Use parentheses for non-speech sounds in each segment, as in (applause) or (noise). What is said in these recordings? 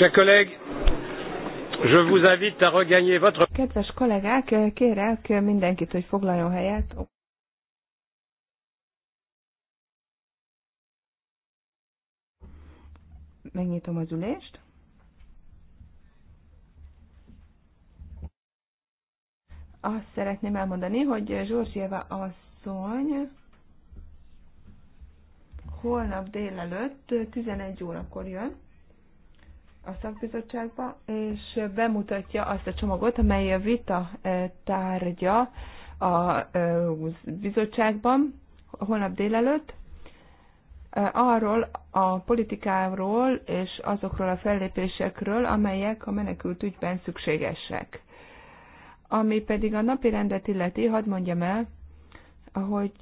Chers collègues, je vous invite à regagner votre... Kedves kollégák, kérek mindenkit, hogy foglaljon helyet. Megnyitom az ülést. Azt szeretném elmondani, hogy Zsorzséva asszony holnap délelőtt 11 órakor jön a szakbizottságba, és bemutatja azt a csomagot, amely a vita eh, tárgya a eh, bizottságban holnap délelőtt, eh, arról a politikáról és azokról a fellépésekről, amelyek a menekült ügyben szükségesek. Ami pedig a napi rendet illeti, hadd mondjam el, hogy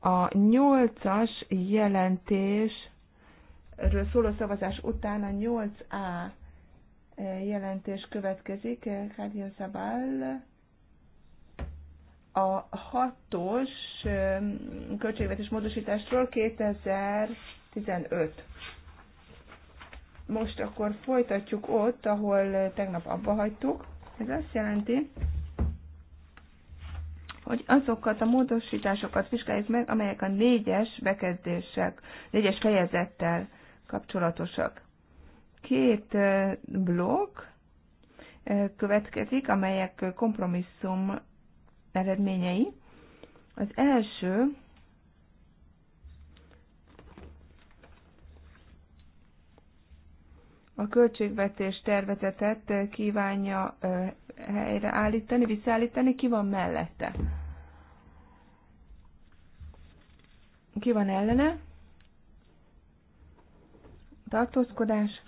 a nyolcas jelentés ről szóló szavazás után a 8A eh, jelentés következik, Kárdia eh, Szabál. A hatos eh, költségvetés módosításról 2015. Most akkor folytatjuk ott, ahol tegnap abba hagytuk. Ez azt jelenti, hogy azokat a módosításokat vizsgáljuk meg, amelyek a négyes bekezdések, négyes fejezettel kapcsolatosak. Két blokk következik, amelyek kompromisszum eredményei. Az első a költségvetés tervezetet kívánja helyreállítani, visszaállítani, ki van mellette? Ki van ellene? tartózkodás.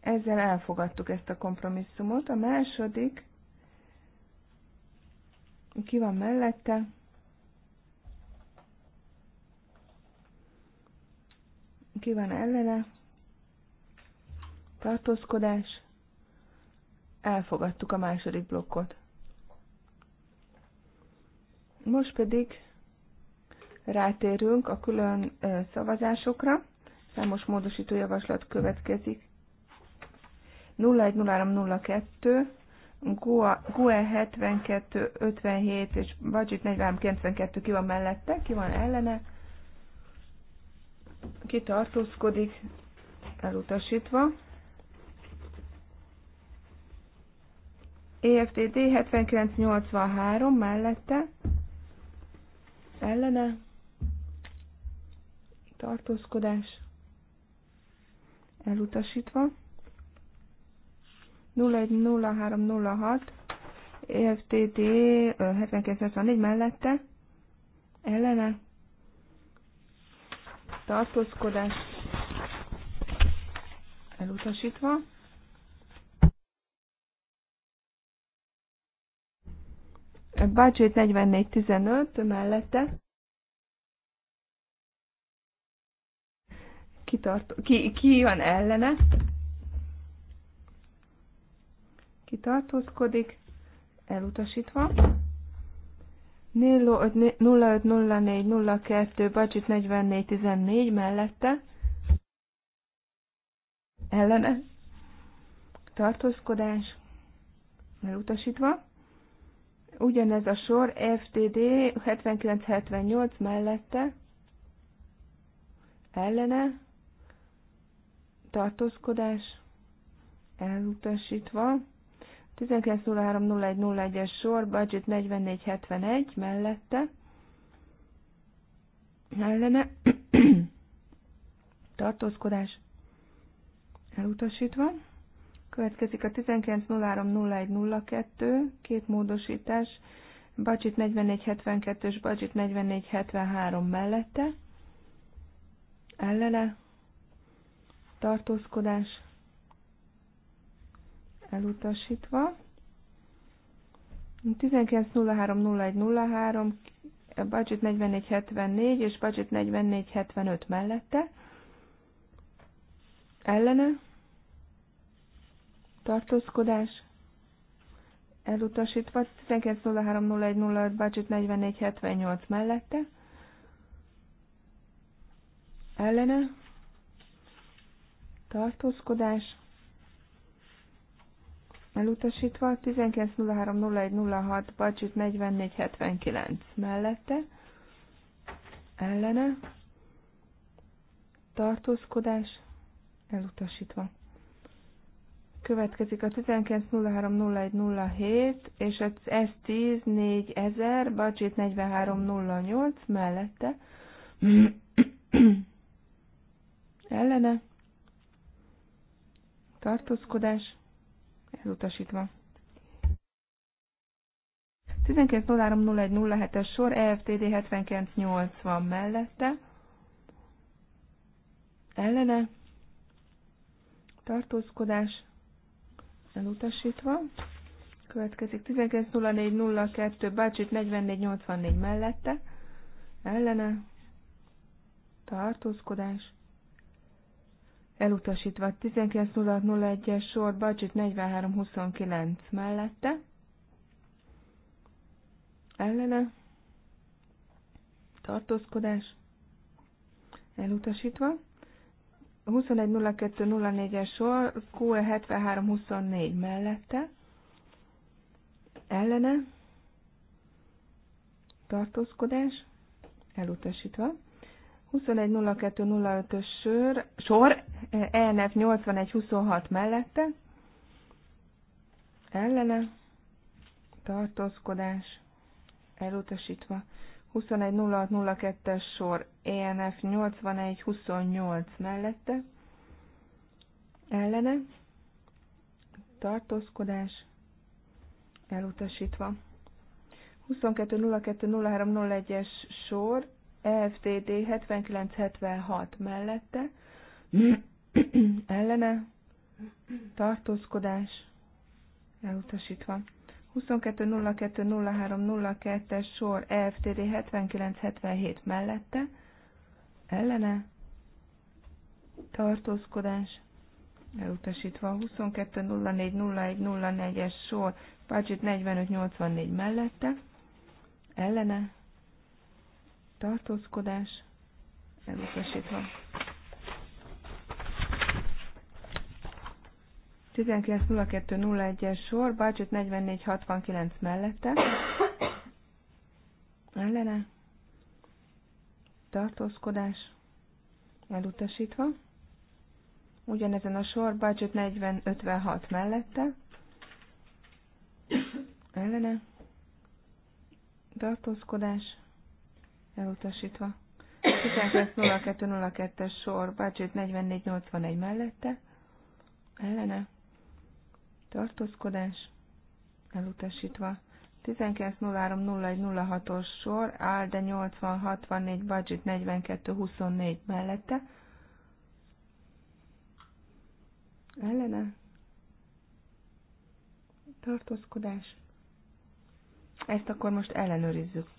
Ezzel elfogadtuk ezt a kompromisszumot. A második, ki van mellette? Ki van ellene? Tartózkodás. Elfogadtuk a második blokkot. Most pedig rátérünk a külön szavazásokra. Számos módosító javaslat következik. 010302, GUE 7257 és Budget 4392 ki van mellette, ki van ellene, ki tartózkodik, elutasítva. EFTD 7983 mellette, ellene, tartózkodás elutasítva. 010306 EFTT 7264 mellette ellene tartózkodás elutasítva. Bácsét 4415 mellette kitartó, ki, ki van ellene, kitartózkodik, elutasítva. 0504-02, Bacsit 4414 mellette, ellene, tartózkodás, elutasítva. Ugyanez a sor FTD 7978 mellette, ellene, tartózkodás elutasítva. 19.03.01.01-es sor, budget 4471 mellette, ellene, (coughs) tartózkodás elutasítva. Következik a 19.03.01.02, két módosítás, budget 4472 és budget 4473 mellette, ellene, tartózkodás elutasítva. 19.03.01.03, budget 44.74 és budget 44.75 mellette. Ellene tartózkodás elutasítva. 19.03.01.05 budget 44.78 mellette. Ellene tartózkodás, elutasítva, 19.03.01.06, Bacsit 44.79 mellette, ellene, tartózkodás, elutasítva. Következik a 19.03.01.07 és az S10 4000, Bacsit 43.08 mellette, (clears throat) ellene, tartózkodás elutasítva. 19.03.01.07-es sor EFTD 79.80 mellette ellene tartózkodás elutasítva. Következik 19.04.02 Bácsit 44.84 mellette ellene tartózkodás elutasítva 19.01-es sor, budget 43.29 mellette, ellene, tartózkodás, elutasítva, 21.02.04-es sor, QE 73.24 mellette, ellene, tartózkodás, elutasítva, 21.02.04-es 21.02.05-ös sor, sor ENF 81.26 mellette, ellene, tartózkodás, elutasítva. 21.06.02-es sor ENF 81.28 mellette, ellene, tartózkodás, elutasítva. 22.02.03.01-es sor EFTD 7976 mellette, ellene, tartózkodás, elutasítva. 22.02.03.02-es sor EFTD 7977 mellette, ellene, tartózkodás, elutasítva. 22.04.01.04-es sor Budget 4584 mellette, ellene, tartózkodás elutasítva. 19.02.01-es sor, Bácsot 44.69 mellette, ellene, tartózkodás elutasítva. Ugyanezen a sor, Bácsot 40.56 mellette, ellene, tartózkodás elutasítva. 19.02.02-es sor, Bácsit 44.81 mellette, ellene, tartózkodás, elutasítva. 19.03.01.06-os sor, áll, de 80.64, Bácsit 42.24 mellette, ellene, tartózkodás. Ezt akkor most ellenőrizzük.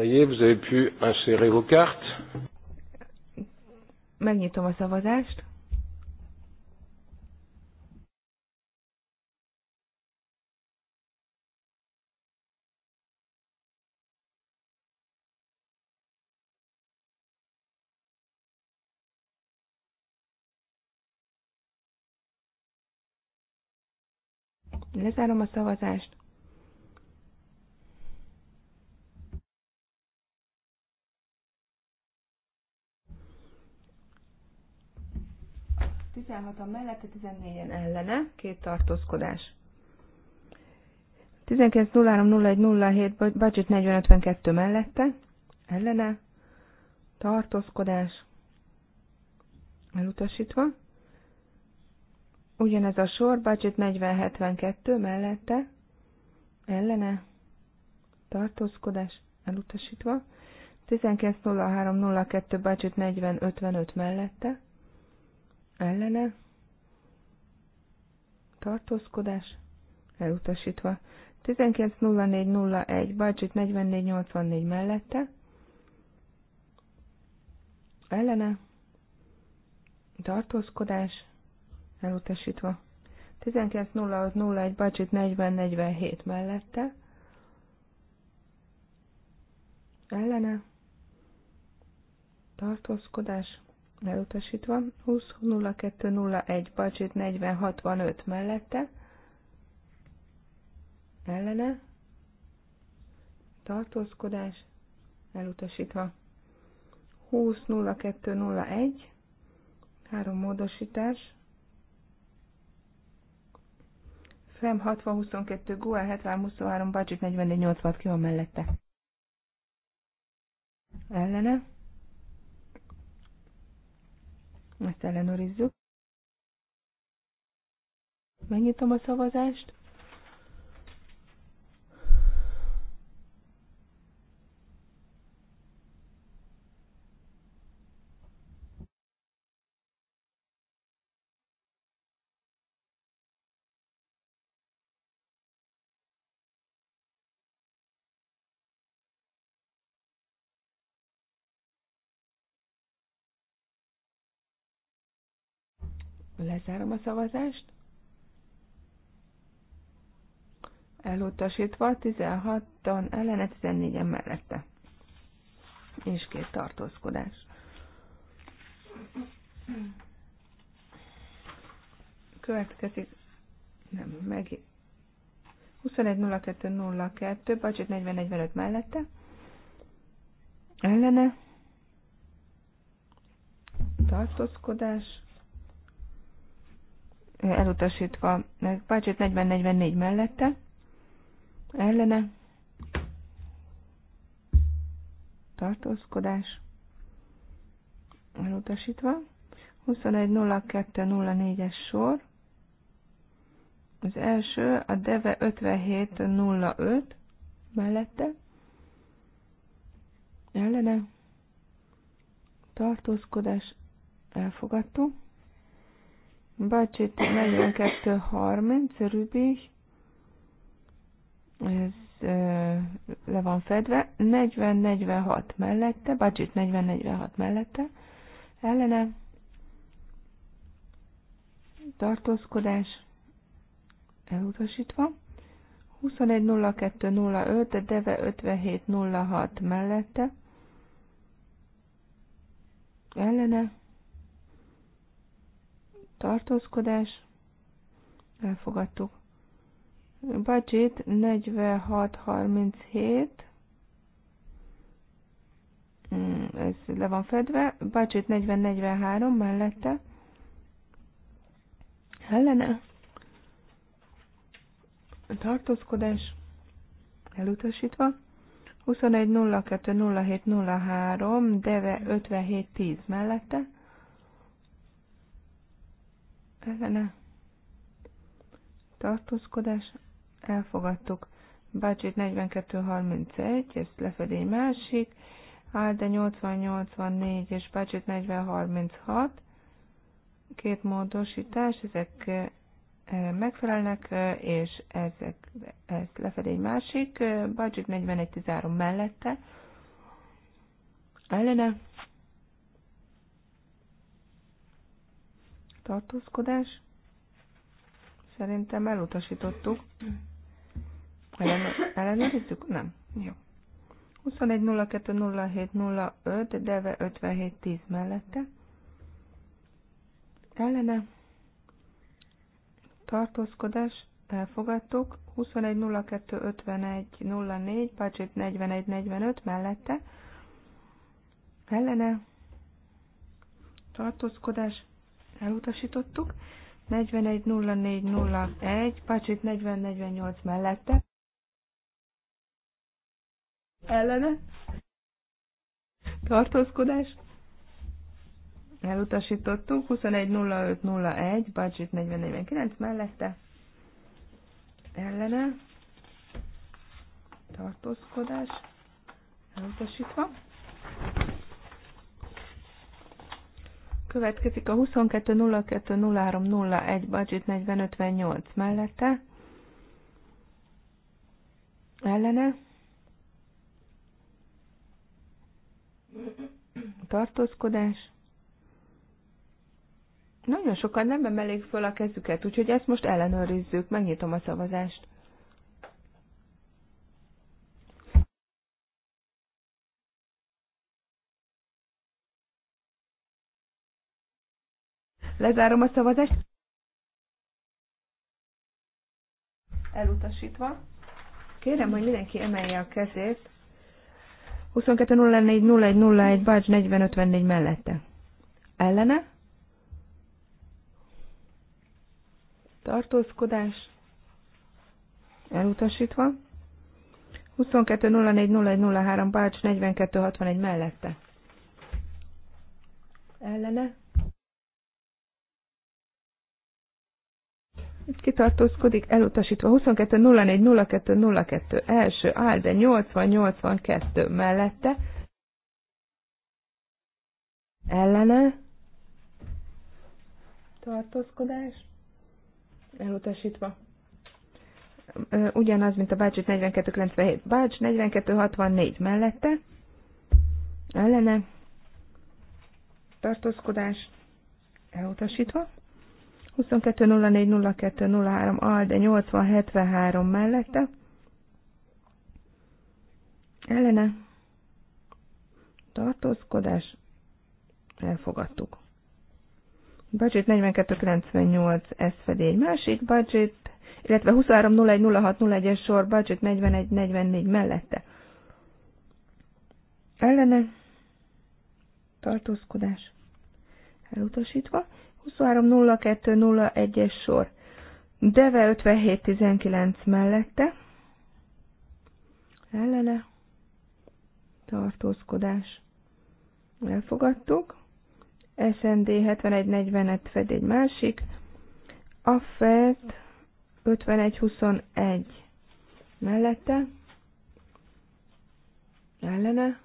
Ça y est, vous avez pu insérer vos cartes. Megnyitom a szavazást. Lezárom a szavazást. 16-an mellette, 14-en ellene, két tartózkodás. 19.03.01.07, budget 4052 mellette, ellene, tartózkodás, elutasítva. Ugyanez a sor, budget 4072 mellette, ellene, tartózkodás, elutasítva. 19.03.02, budget 4055 mellette, ellene, tartózkodás, elutasítva. 19.04.01, Bajcsit 44.84 mellette, ellene, tartózkodás, elutasítva. 19.06.01, Bajcsit 40.47 mellette, ellene, tartózkodás, elutasítva, 20.02.01, Pacsit 40.65 mellette, ellene, tartózkodás, elutasítva, 20.02.01, három módosítás, FEM 6022, GUA 7023, Budget 4486 ki van mellette. Ellene. Ezt ellenőrizzük. Megnyitom a szavazást. Lezárom a szavazást. Elutasítva 16-an ellene, 14-en mellette. És két tartózkodás. Következik, nem, meg 21.02.02, budget 40.45 mellette, ellene, tartózkodás, elutasítva. Pácsét 40-44 mellette, ellene, tartózkodás, elutasítva. 21.02.04-es sor. Az első a Deve 57.05 mellette, ellene, tartózkodás, elfogadtuk. Bacsit 42.30, Rübig, ez le van fedve, 40-46 mellette, Bacsit 40-46 mellette, ellene, tartózkodás elutasítva, 21.02.05, Deve 57.06 mellette, ellene, tartózkodás, elfogadtuk. Budget 4637, hmm, ez le van fedve, budget 4043 mellette, ellene, tartózkodás, elutasítva, 21.02.07.03, deve 57.10 mellette, ellene tartózkodás elfogadtuk. Budget 4231, ez lefedi másik, álda 8084 és Budget 4036, két módosítás, ezek eh, megfelelnek, eh, és ezek, ez lefed másik, eh, budget 4113 mellette, ellene tartózkodás. Szerintem elutasítottuk. Ellenőrizzük? Nem. Jó. 21.02.07.05, deve 57.10 mellette. Ellene tartózkodás elfogadtuk. 21.02.51.04, Pacsit 41.45 mellette. Ellene tartózkodás elutasítottuk. 410401, Pacsit 4048 mellette. Ellene. Tartózkodás. Elutasítottuk. 210501, Pacsit 4049 mellette. Ellene. Tartózkodás. Elutasítva. Következik a 22.02.03.01 budget 4058 mellette. Ellene. Tartózkodás. Nagyon sokan nem emelik föl a kezüket, úgyhogy ezt most ellenőrizzük. Megnyitom a szavazást. Lezárom a szavazást. Elutasítva. Kérem, hogy mindenki emelje a kezét. 22.04.01.01 Bács 40.54 mellette. Ellene? Tartózkodás? Elutasítva. 22.04.01.03 Bács 42.61 mellette. Ellene? kitartózkodik, elutasítva 22.04.02.02 első áll, de 80.82 mellette ellene tartózkodás elutasítva. Ugyanaz, mint a Bács 42.97. Bács 42.64 mellette ellene tartózkodás elutasítva. 22040203 AL, de 8073 mellette. Ellene tartózkodás elfogadtuk. Budget 4298, ez fedi egy másik budget, illetve 23010601-es sor budget 4144 mellette. Ellene tartózkodás elutasítva, 230201-es sor. Deve 5719 mellette. Ellene. Tartózkodás. Elfogadtuk. SND 71.40-et fed egy másik. Fed 5121 mellette. Ellene.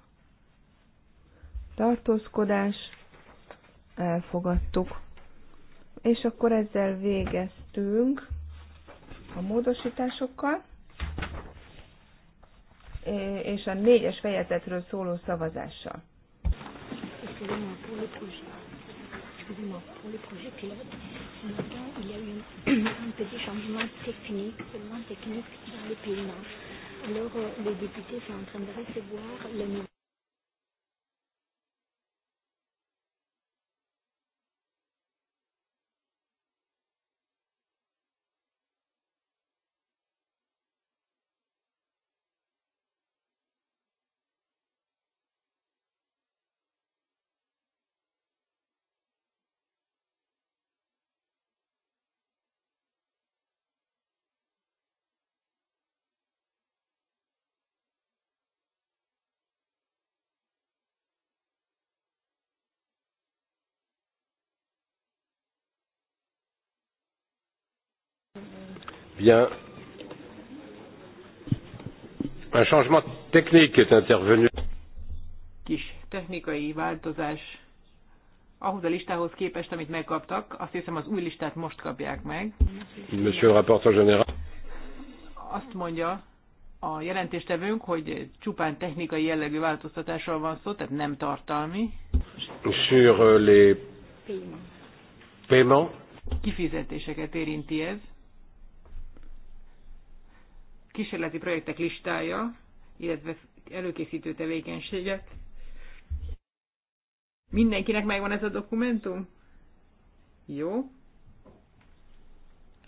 Tartózkodás. Elfogadtuk. És akkor ezzel végeztünk a módosításokkal, és a négyes fejezetről szóló szavazással. (clears throat) Euh, les députés sont en train de recevoir le nouveau. Bien. Un changement technique est intervenu. Kis technikai változás ahhoz a listához képest, amit megkaptak. Azt hiszem, az új listát most kapják meg. Monsieur le rapporteur général. Azt mondja a jelentéstevőnk, hogy csupán technikai jellegű változtatásról van szó, tehát nem tartalmi. Sur euh, les paiements. Kifizetéseket érinti ez kísérleti projektek listája, illetve előkészítő tevékenységet. Mindenkinek megvan ez a dokumentum? Jó.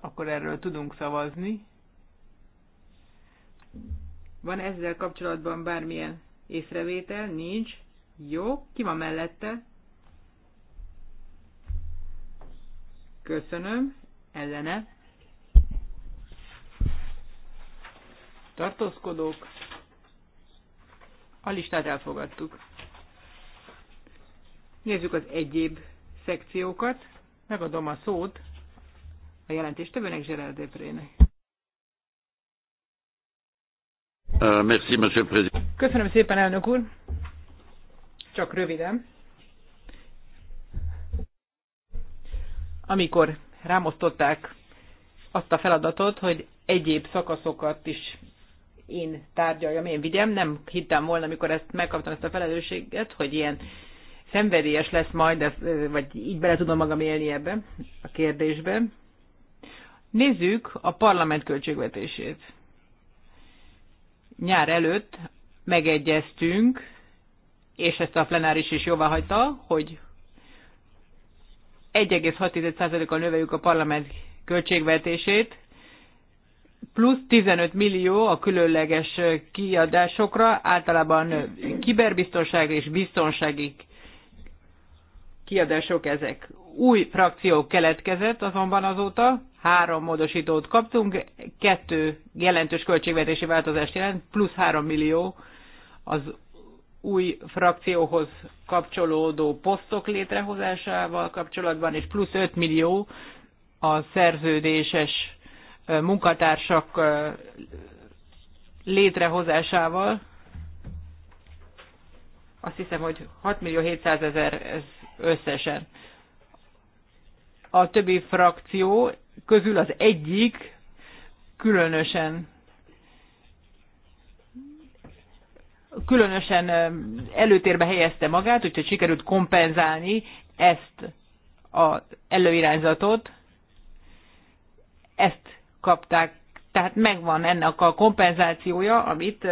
Akkor erről tudunk szavazni. Van ezzel kapcsolatban bármilyen észrevétel? Nincs. Jó. Ki van mellette? Köszönöm. Ellene? tartózkodók. A listát elfogadtuk. Nézzük az egyéb szekciókat. Megadom a szót a többenek Gerard Deprének. Uh, Köszönöm szépen, elnök úr. Csak röviden. Amikor rámosztották azt a feladatot, hogy egyéb szakaszokat is én tárgyaljam, én vigyem. Nem hittem volna, amikor ezt megkaptam ezt a felelősséget, hogy ilyen szenvedélyes lesz majd, vagy így bele tudom magam élni ebbe a kérdésbe. Nézzük a parlament költségvetését. Nyár előtt megegyeztünk, és ezt a plenáris is jóvá hagyta, hogy 1,6%-kal növeljük a parlament költségvetését, plusz 15 millió a különleges kiadásokra, általában kiberbiztonság és biztonsági kiadások ezek. Új frakció keletkezett azonban azóta, három módosítót kaptunk, kettő jelentős költségvetési változást jelent, plusz 3 millió az új frakcióhoz kapcsolódó posztok létrehozásával kapcsolatban, és plusz 5 millió a szerződéses munkatársak létrehozásával. Azt hiszem, hogy 6 millió 700 ezer ez összesen. A többi frakció közül az egyik különösen különösen előtérbe helyezte magát, úgyhogy sikerült kompenzálni ezt az előirányzatot. Ezt megkapták, tehát megvan ennek a kompenzációja, amit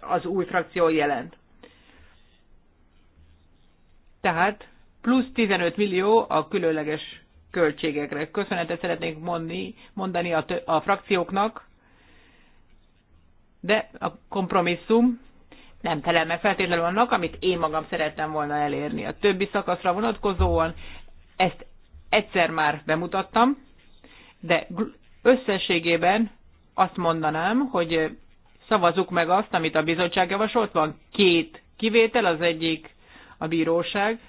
az új frakció jelent. Tehát plusz 15 millió a különleges költségekre. Köszönetet szeretnék mondani, mondani a, a frakcióknak, de a kompromisszum nem telelme feltétlenül annak, amit én magam szerettem volna elérni. A többi szakaszra vonatkozóan ezt egyszer már bemutattam, de Összességében azt mondanám, hogy szavazuk meg azt, amit a bizottság javasolt. Van két kivétel, az egyik a bíróság.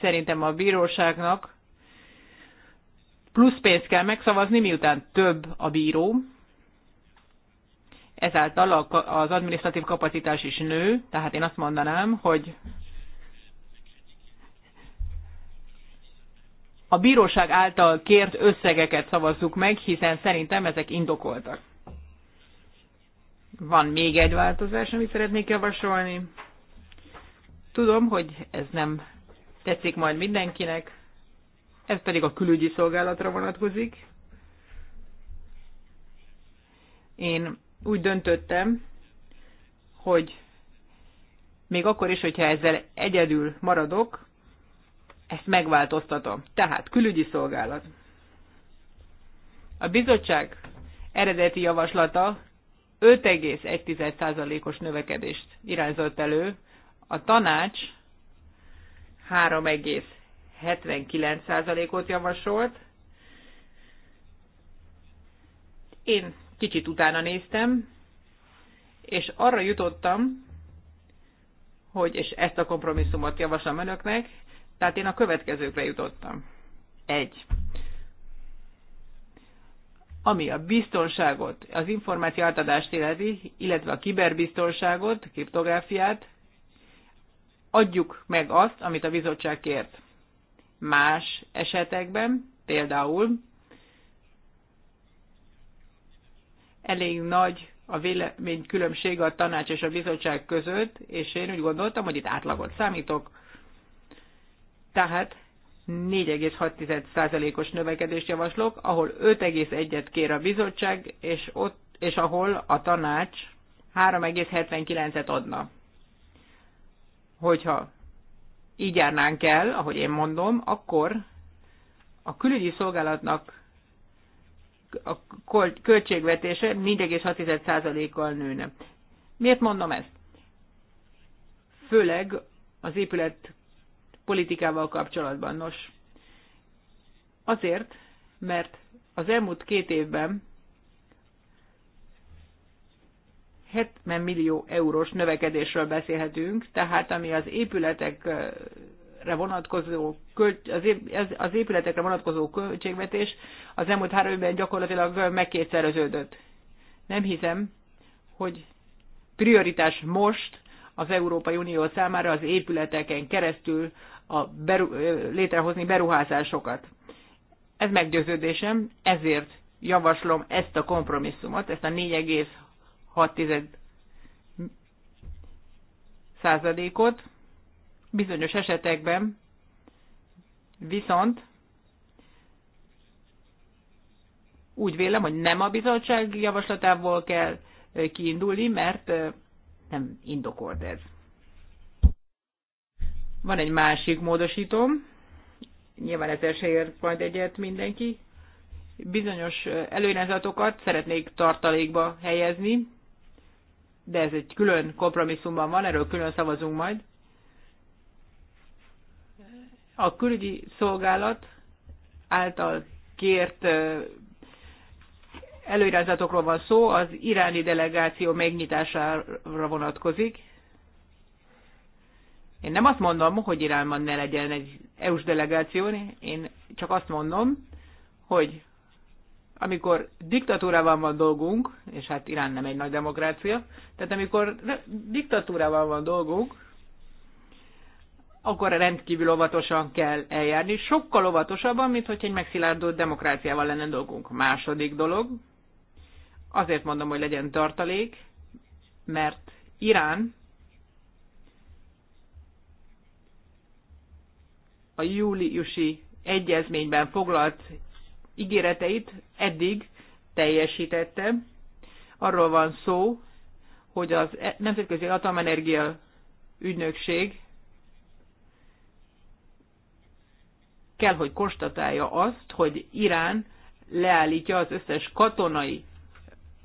Szerintem a bíróságnak plusz pénzt kell megszavazni, miután több a bíró. Ezáltal az administratív kapacitás is nő, tehát én azt mondanám, hogy a bíróság által kért összegeket szavazzuk meg, hiszen szerintem ezek indokoltak. Van még egy változás, amit szeretnék javasolni. Tudom, hogy ez nem tetszik majd mindenkinek, ez pedig a külügyi szolgálatra vonatkozik. Én úgy döntöttem, hogy még akkor is, hogyha ezzel egyedül maradok, ezt megváltoztatom. Tehát külügyi szolgálat. A bizottság eredeti javaslata 5,1%-os növekedést irányzott elő, a tanács 3,79%-ot javasolt. Én kicsit utána néztem, és arra jutottam, hogy, és ezt a kompromisszumot javaslom önöknek, tehát én a következőkre jutottam. Egy. Ami a biztonságot, az információ átadást illeti, illetve a kiberbiztonságot, kriptográfiát, adjuk meg azt, amit a bizottság kért. Más esetekben, például elég nagy a véleménykülönbség a tanács és a bizottság között, és én úgy gondoltam, hogy itt átlagot számítok, tehát 4,6%-os növekedést javaslok, ahol 5,1-et kér a bizottság, és, ott, és ahol a tanács 3,79-et adna. Hogyha így járnánk el, ahogy én mondom, akkor a külügyi szolgálatnak a költségvetése 4,6%-kal nőne. Miért mondom ezt? Főleg az épület politikával kapcsolatban. Nos, azért, mert az elmúlt két évben 70 millió eurós növekedésről beszélhetünk, tehát ami az épületekre vonatkozó az épületekre vonatkozó költségvetés az elmúlt három évben gyakorlatilag megkétszereződött. Nem hiszem, hogy prioritás most az Európai Unió számára az épületeken keresztül a beru- létrehozni beruházásokat. Ez meggyőződésem, ezért javaslom ezt a kompromisszumot, ezt a 4,6 százalékot. Bizonyos esetekben viszont úgy vélem, hogy nem a bizottság javaslatából kell kiindulni, mert nem indokolt ez. Van egy másik módosítom, nyilván ezzel se ért majd egyet mindenki. Bizonyos előnyezatokat szeretnék tartalékba helyezni, de ez egy külön kompromisszumban van, erről külön szavazunk majd. A külügyi szolgálat által kért előirányzatokról van szó, az iráni delegáció megnyitására vonatkozik. Én nem azt mondom, hogy Iránban ne legyen egy EU-s delegáció, én csak azt mondom, hogy amikor diktatúrában van dolgunk, és hát Irán nem egy nagy demokrácia, tehát amikor diktatúrában van dolgunk, akkor rendkívül óvatosan kell eljárni, sokkal óvatosabban, mint hogy egy megszilárdult demokráciával lenne dolgunk. Második dolog, azért mondom, hogy legyen tartalék, mert Irán a júliusi egyezményben foglalt ígéreteit eddig teljesítette. Arról van szó, hogy az e- Nemzetközi Atomenergia Ügynökség kell, hogy konstatálja azt, hogy Irán leállítja az összes katonai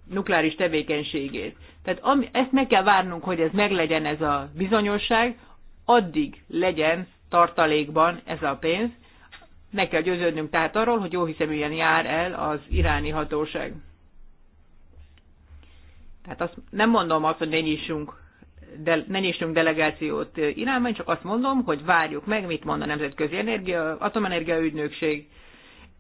nukleáris tevékenységét. Tehát ami, ezt meg kell várnunk, hogy ez meglegyen ez a bizonyosság, addig legyen tartalékban ez a pénz. Meg kell győződnünk tehát arról, hogy jóhiszeműen jár el az iráni hatóság. Tehát azt nem mondom azt, hogy ne nyissunk, de, ne nyissunk delegációt Iránban, csak azt mondom, hogy várjuk meg, mit mond a Nemzetközi Energia, Atomenergia Ügynökség.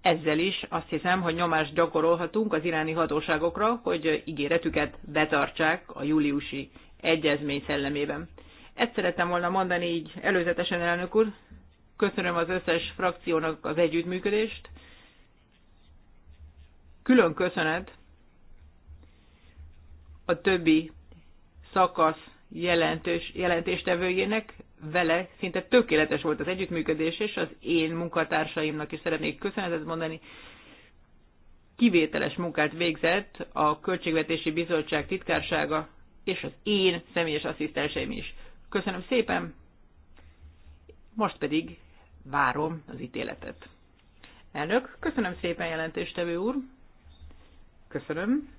Ezzel is azt hiszem, hogy nyomást gyakorolhatunk az iráni hatóságokra, hogy ígéretüket betartsák a júliusi egyezmény szellemében. Ezt szerettem volna mondani így előzetesen, elnök úr. Köszönöm az összes frakciónak az együttműködést. Külön köszönet a többi szakasz jelentős, jelentéstevőjének, vele szinte tökéletes volt az együttműködés, és az én munkatársaimnak is szeretnék köszönetet mondani. Kivételes munkát végzett a Költségvetési Bizottság titkársága, és az én személyes asszisztenseim is. Köszönöm szépen, most pedig várom az ítéletet. Elnök, köszönöm szépen jelentéstevő úr. Köszönöm.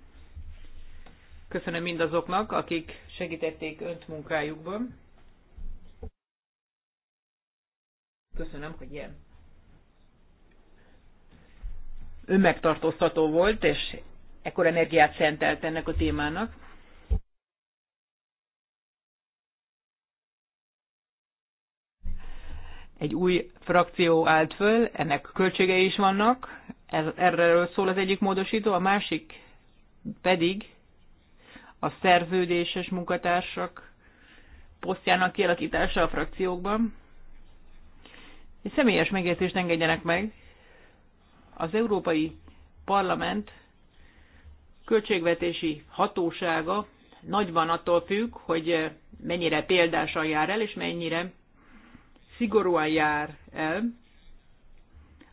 Köszönöm mindazoknak, akik segítették önt munkájukban. Köszönöm, hogy ilyen megtartóztató volt, és ekkor energiát szentelt ennek a témának. egy új frakció állt föl, ennek költségei is vannak, erről szól az egyik módosító, a másik pedig a szerződéses munkatársak posztjának kialakítása a frakciókban. Egy személyes megértést engedjenek meg. Az Európai Parlament költségvetési hatósága nagyban attól függ, hogy mennyire példásan jár el, és mennyire szigorúan jár el.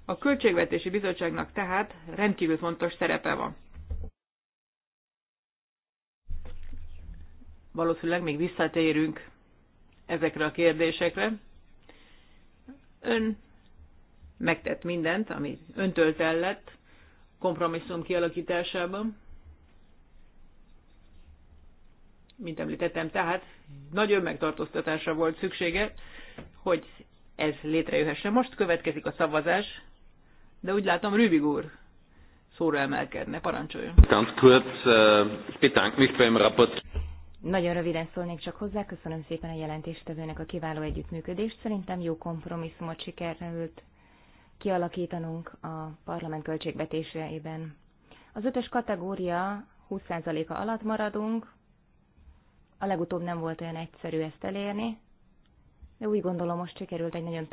A Költségvetési Bizottságnak tehát rendkívül fontos szerepe van. Valószínűleg még visszatérünk ezekre a kérdésekre. Ön megtett mindent, ami öntől tellett kompromisszum kialakításában. Mint említettem, tehát nagyobb megtartóztatásra volt szüksége, hogy ez létrejöhessen. Most következik a szavazás, de úgy látom Rübig úr szóra emelkedne. Parancsoljon. Ganz kurz, äh, mich beim Rapport. Nagyon röviden szólnék csak hozzá, köszönöm szépen a jelentéstevőnek a kiváló együttműködést. Szerintem jó kompromisszumot sikerült kialakítanunk a parlament költségvetésében. Az ötös kategória 20%-a alatt maradunk, a legutóbb nem volt olyan egyszerű ezt elérni, de úgy gondolom most sikerült egy nagyon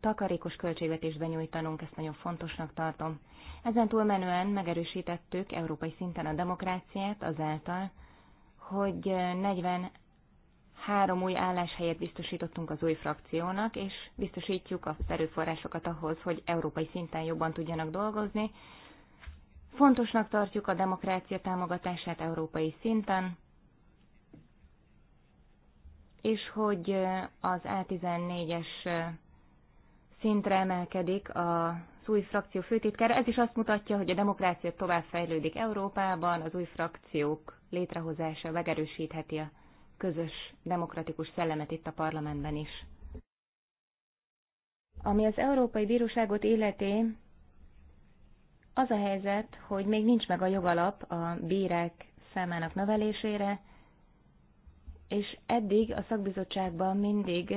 takarékos költségvetést benyújtanunk, ezt nagyon fontosnak tartom. Ezen túlmenően megerősítettük európai szinten a demokráciát azáltal, hogy 40 három új álláshelyet biztosítottunk az új frakciónak, és biztosítjuk a erőforrásokat ahhoz, hogy európai szinten jobban tudjanak dolgozni. Fontosnak tartjuk a demokrácia támogatását európai szinten, és hogy az A14-es szintre emelkedik a új frakció főtitkára. Ez is azt mutatja, hogy a demokrácia tovább fejlődik Európában, az új frakciók létrehozása megerősítheti a közös demokratikus szellemet itt a parlamentben is. Ami az Európai Bíróságot illeti, az a helyzet, hogy még nincs meg a jogalap a bírák számának növelésére, és eddig a szakbizottságban mindig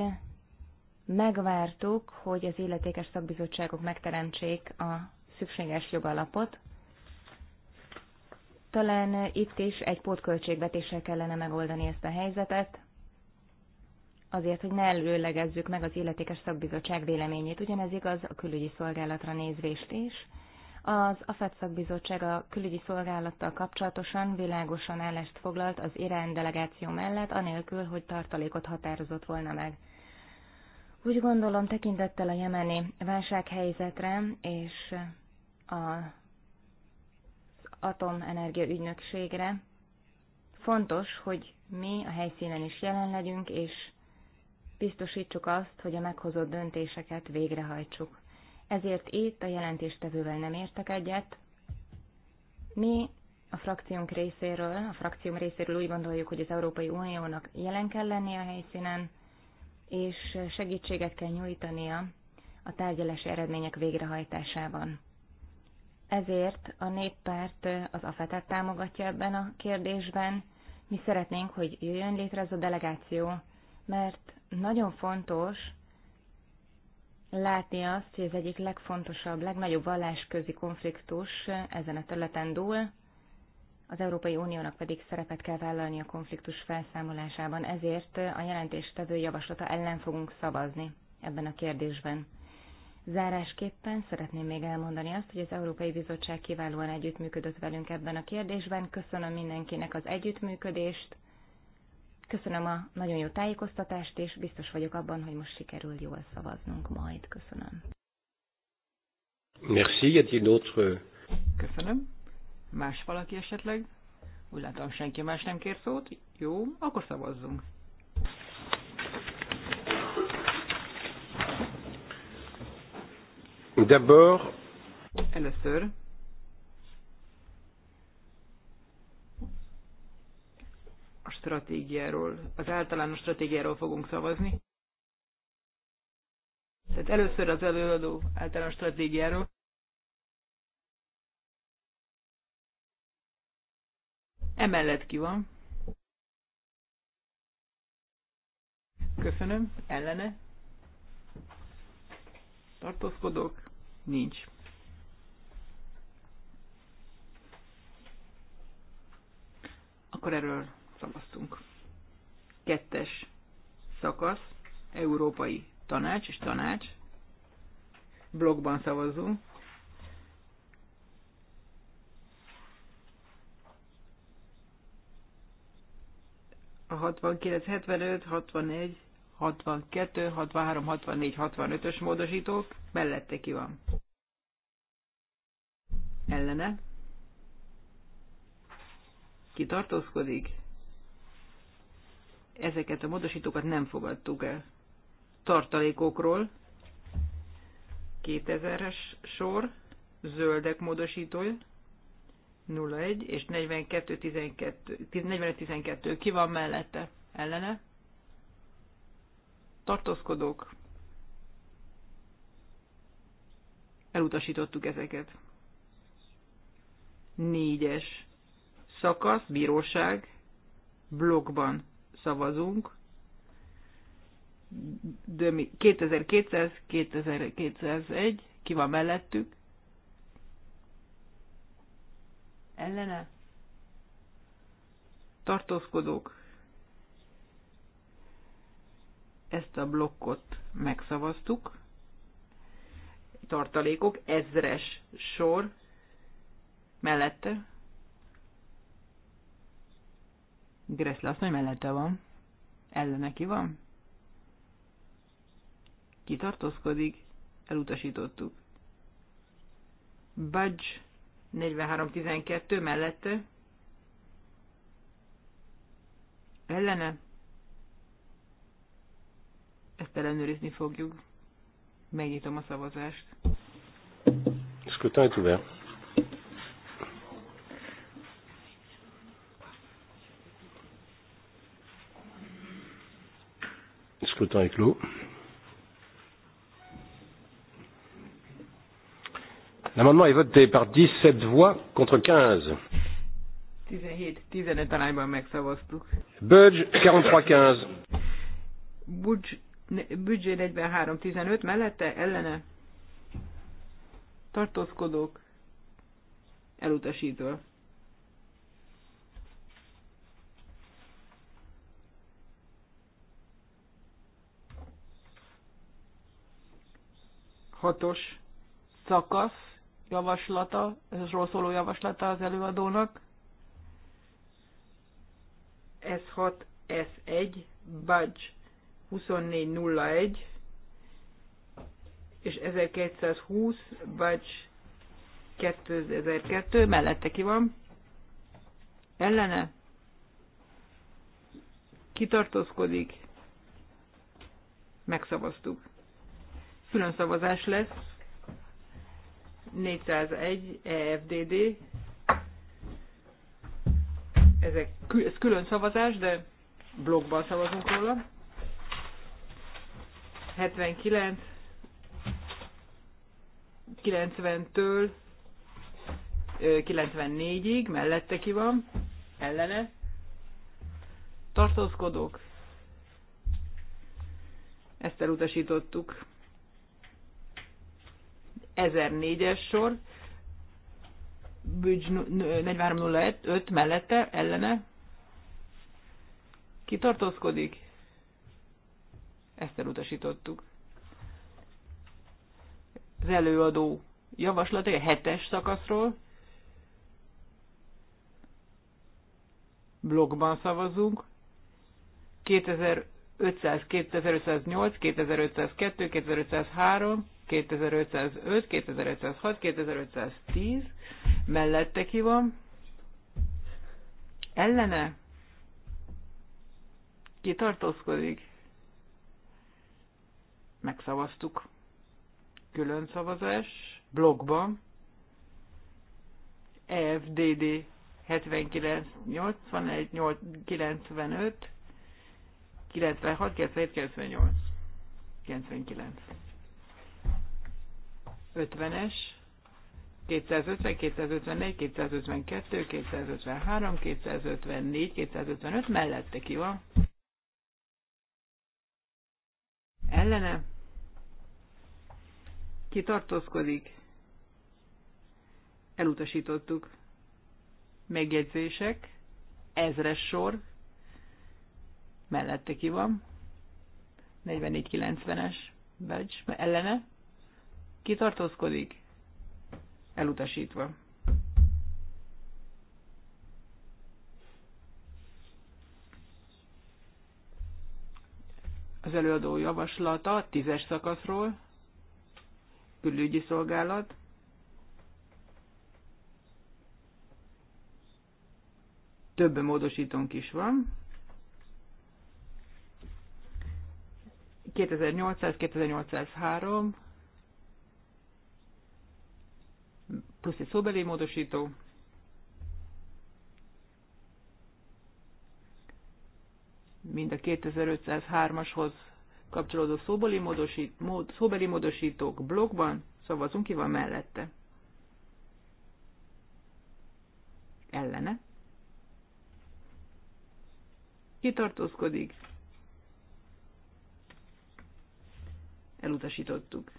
megvártuk, hogy az illetékes szakbizottságok megteremtsék a szükséges jogalapot. Talán itt is egy pótköltségvetéssel kellene megoldani ezt a helyzetet, azért, hogy ne előlegezzük meg az illetékes szakbizottság véleményét. Ugyanez igaz a külügyi szolgálatra nézvést is. Az AFET szakbizottság a külügyi szolgálattal kapcsolatosan világosan állást foglalt az Irán delegáció mellett, anélkül, hogy tartalékot határozott volna meg. Úgy gondolom, tekintettel a jemeni válsághelyzetre és az atomenergia ügynökségre fontos, hogy mi a helyszínen is jelen legyünk, és biztosítsuk azt, hogy a meghozott döntéseket végrehajtsuk ezért itt a jelentéstevővel nem értek egyet. Mi a frakciónk részéről, a frakcióm részéről úgy gondoljuk, hogy az Európai Uniónak jelen kell lennie a helyszínen, és segítséget kell nyújtania a tárgyalási eredmények végrehajtásában. Ezért a néppárt az afet támogatja ebben a kérdésben. Mi szeretnénk, hogy jöjjön létre ez a delegáció, mert nagyon fontos, látni azt, hogy az egyik legfontosabb, legnagyobb vallásközi konfliktus ezen a területen dúl, az Európai Uniónak pedig szerepet kell vállalni a konfliktus felszámolásában, ezért a jelentéstevő javaslata ellen fogunk szavazni ebben a kérdésben. Zárásképpen szeretném még elmondani azt, hogy az Európai Bizottság kiválóan együttműködött velünk ebben a kérdésben. Köszönöm mindenkinek az együttműködést, Köszönöm a nagyon jó tájékoztatást, és biztos vagyok abban, hogy most sikerül jól szavaznunk majd. Köszönöm. Merci, y d'autres? Köszönöm. Más valaki esetleg? Úgy látom, senki más nem kér szót. Jó, akkor szavazzunk. D'abord. Először stratégiáról, az általános stratégiáról fogunk szavazni. Tehát először az előadó általános stratégiáról. Emellett ki van. Köszönöm. Ellene. Tartózkodok. Nincs. Akkor erről szavaztunk. Kettes szakasz, Európai Tanács és Tanács, blogban szavazunk. A 69, 75, 61, 62, 63, 64, 65-ös módosítók mellette ki van. Ellene. Ki tartózkodik? ezeket a módosítókat nem fogadtuk el. Tartalékokról 2000-es sor, zöldek módosítója, 01 és 4212, 45-12 ki van mellette, ellene. Tartózkodók. Elutasítottuk ezeket. Négyes. Szakasz, bíróság, blogban szavazunk, de mi 2200, 2201, ki van mellettük? Ellene? Tartózkodók. Ezt a blokkot megszavaztuk. Tartalékok, ezres sor mellette Gressle mondja, mellette van. Ellene ki van? Ki tartózkodik? Elutasítottuk. Budge 4312 mellette. Ellene. Ezt ellenőrizni fogjuk. Megnyitom a szavazást. Scrutin est ouvert. scrutin est clos. L'amendement est voté par 17 voix contre 15. 17-15 arányban megszavaztuk. Budge 43-15. Budge 43-15 mellette ellene tartózkodók elutasítva. hatos szakasz javaslata, ez szóló javaslata az előadónak. S6, S1, Budge 2401 és 1220, Budge 2002, mellette ki van. Ellene kitartózkodik, megszavaztuk. Külön szavazás lesz. 401 EFDD. Ezek, ez külön szavazás, de blogban szavazunk róla. 79 90-től 94-ig, mellette ki van, ellene. Tartózkodók. Ezt elutasítottuk. 1004-es sor, Bücs 4305 mellette, ellene. Ki tartózkodik? Ezt elutasítottuk. Az előadó javaslat egy hetes szakaszról. Blogban szavazunk. 2500, 2508, 2502, 2503, 2505, 2506, 2510 mellette ki van, ellene ki tartózkodik, megszavaztuk külön szavazás, blogban, EFDD 79, 81, 8, 95, 96, 97, 98, 99. 50-es, 250, 251, 252, 253, 254, 255 mellette ki van. Ellene ki tartózkodik. Elutasítottuk. Megjegyzések. Ezres sor. Mellette ki van. 44-90-es. Ellene kitartózkodik, elutasítva. Az előadó javaslata tízes szakaszról, külügyi szolgálat, több módosítónk is van. 2800-2803 plusz egy szóbeli módosító. Mind a 2503-ashoz kapcsolódó szóbeli, módosít, mód, szóbeli módosítók blogban szavazunk, ki van mellette. Ellene. Kitartózkodik. Elutasítottuk.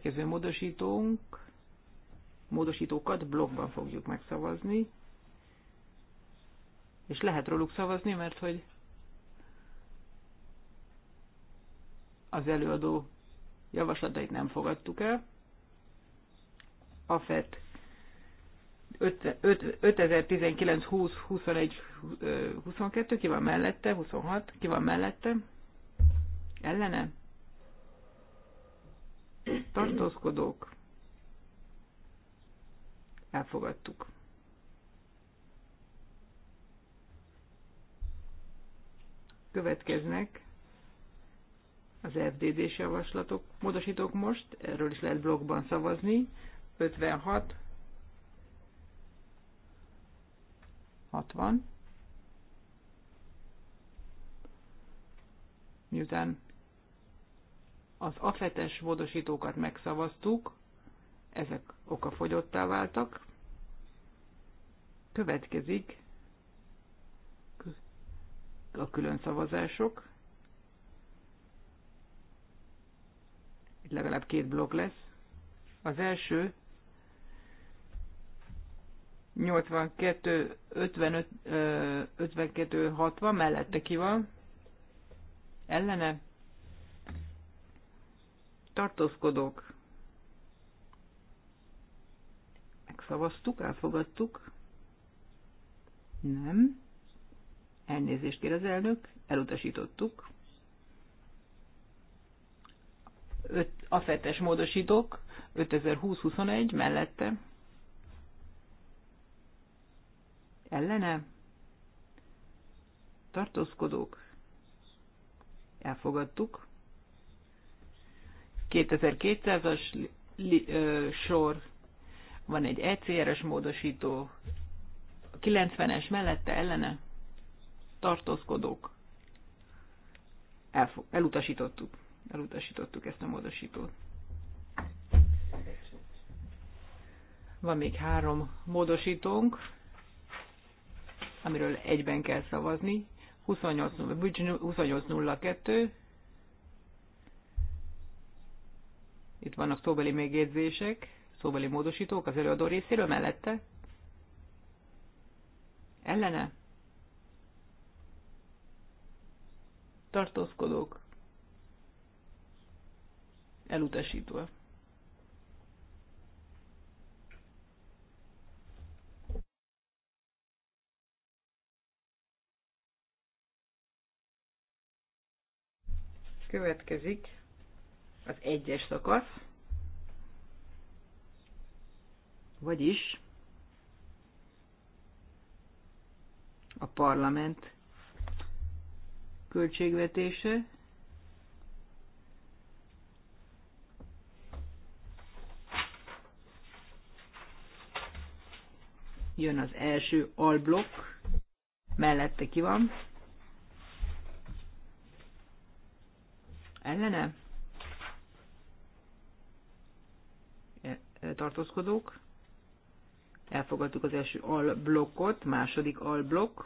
következő módosítónk, módosítókat blogban fogjuk megszavazni, és lehet róluk szavazni, mert hogy az előadó javaslatait nem fogadtuk el. A FET 5019 20 21 22, ki van mellette, 26, ki van mellette, ellene, tartózkodók, elfogadtuk. Következnek az FDD-s javaslatok, módosítók most, erről is lehet blogban szavazni, 56, 60, miután az afetes módosítókat megszavaztuk, ezek okafogyottá váltak. Következik a külön szavazások. Itt legalább két blokk lesz. Az első 82 55 52 60 mellette ki van. Ellene tartózkodók, megszavaztuk, elfogadtuk, nem, elnézést kér az elnök, elutasítottuk, öt, a fetes módosítók, 5020-21 mellette, ellene, tartózkodók, elfogadtuk, 2200-as sor, van egy ECR-es módosító, 90-es mellette ellene tartózkodók. Elfog, elutasítottuk. Elutasítottuk ezt a módosítót. Van még három módosítónk, amiről egyben kell szavazni. 2802, Itt vannak szóbeli megjegyzések, szóbeli módosítók az előadó részéről mellette. Ellene? Tartózkodók. Elutasítva. Következik az egyes szakasz, vagyis a parlament költségvetése, jön az első alblokk, mellette ki van, ellene, tartózkodók. Elfogadtuk az első alblokkot, második alblokk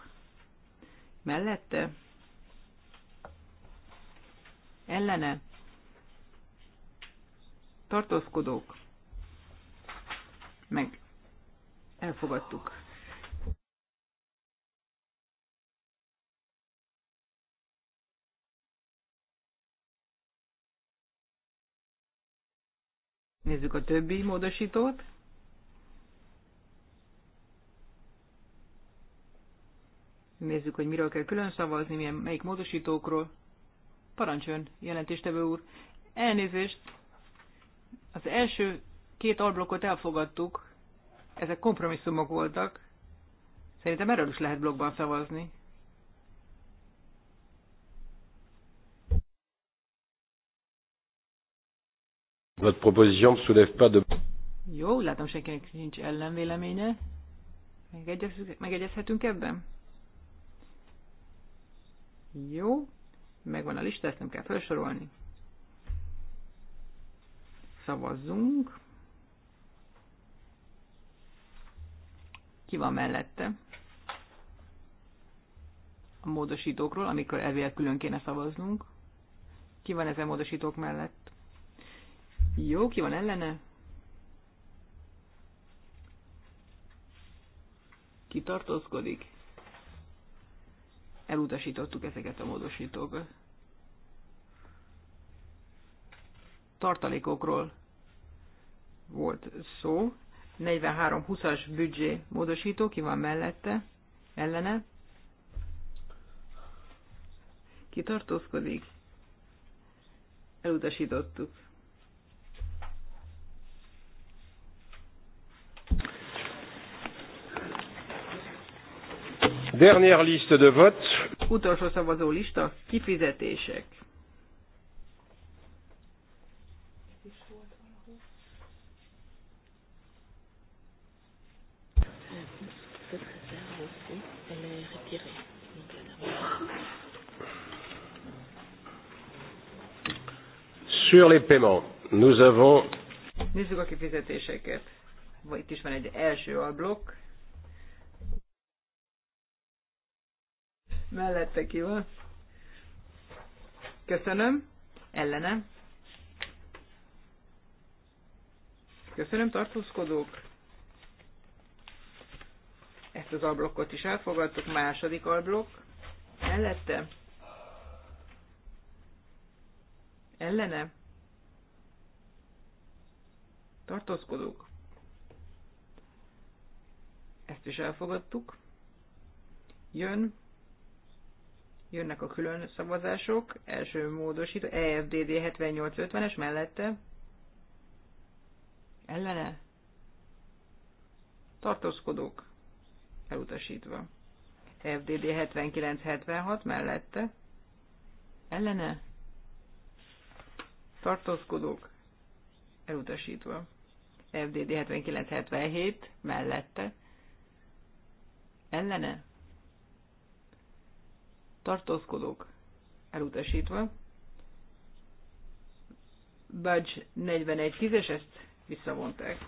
mellette. Ellene tartózkodók. Meg elfogadtuk. Nézzük a többi módosítót. Nézzük, hogy miről kell külön szavazni, milyen, melyik módosítókról. Parancsön, jelentéstevő úr. Elnézést, az első két alblokkot elfogadtuk, ezek kompromisszumok voltak. Szerintem erről is lehet blogban szavazni. Votre proposition ne soulève pas de... Jó, látom, senkinek nincs ellenvéleménye. megegyezhetünk ebben? Jó, megvan a lista, ezt nem kell felsorolni. Szavazzunk. Ki van mellette? A módosítókról, amikor elvileg külön kéne szavaznunk. Ki van ezen módosítók mellett? Jó, ki van ellene? Ki tartózkodik? Elutasítottuk ezeket a módosítókat. Tartalékokról volt szó. 43-20-as büdzsé módosító, ki van mellette, ellene. Ki Elutasítottuk. Dernière liste de vote. Utolsó szavazó lista, kifizetések. Sur les paiements, nous avons... Nézzük a kifizetéseket. Itt is van egy első alblokk. Mellette ki van. Köszönöm. Ellenem. Köszönöm, tartózkodók. Ezt az alblokkot is elfogadtuk. Második ablok. Mellette. Ellene. Tartózkodók. Ezt is elfogadtuk. Jön Jönnek a külön szavazások. Első módosító EFDD 7850-es mellette. Ellene? Tartózkodók. Elutasítva. EFDD 7976 mellette. Ellene? Tartózkodók. Elutasítva. E FDD 7977 mellette. Ellene? tartózkodók elutasítva. Budge 41 10 ezt visszavonták.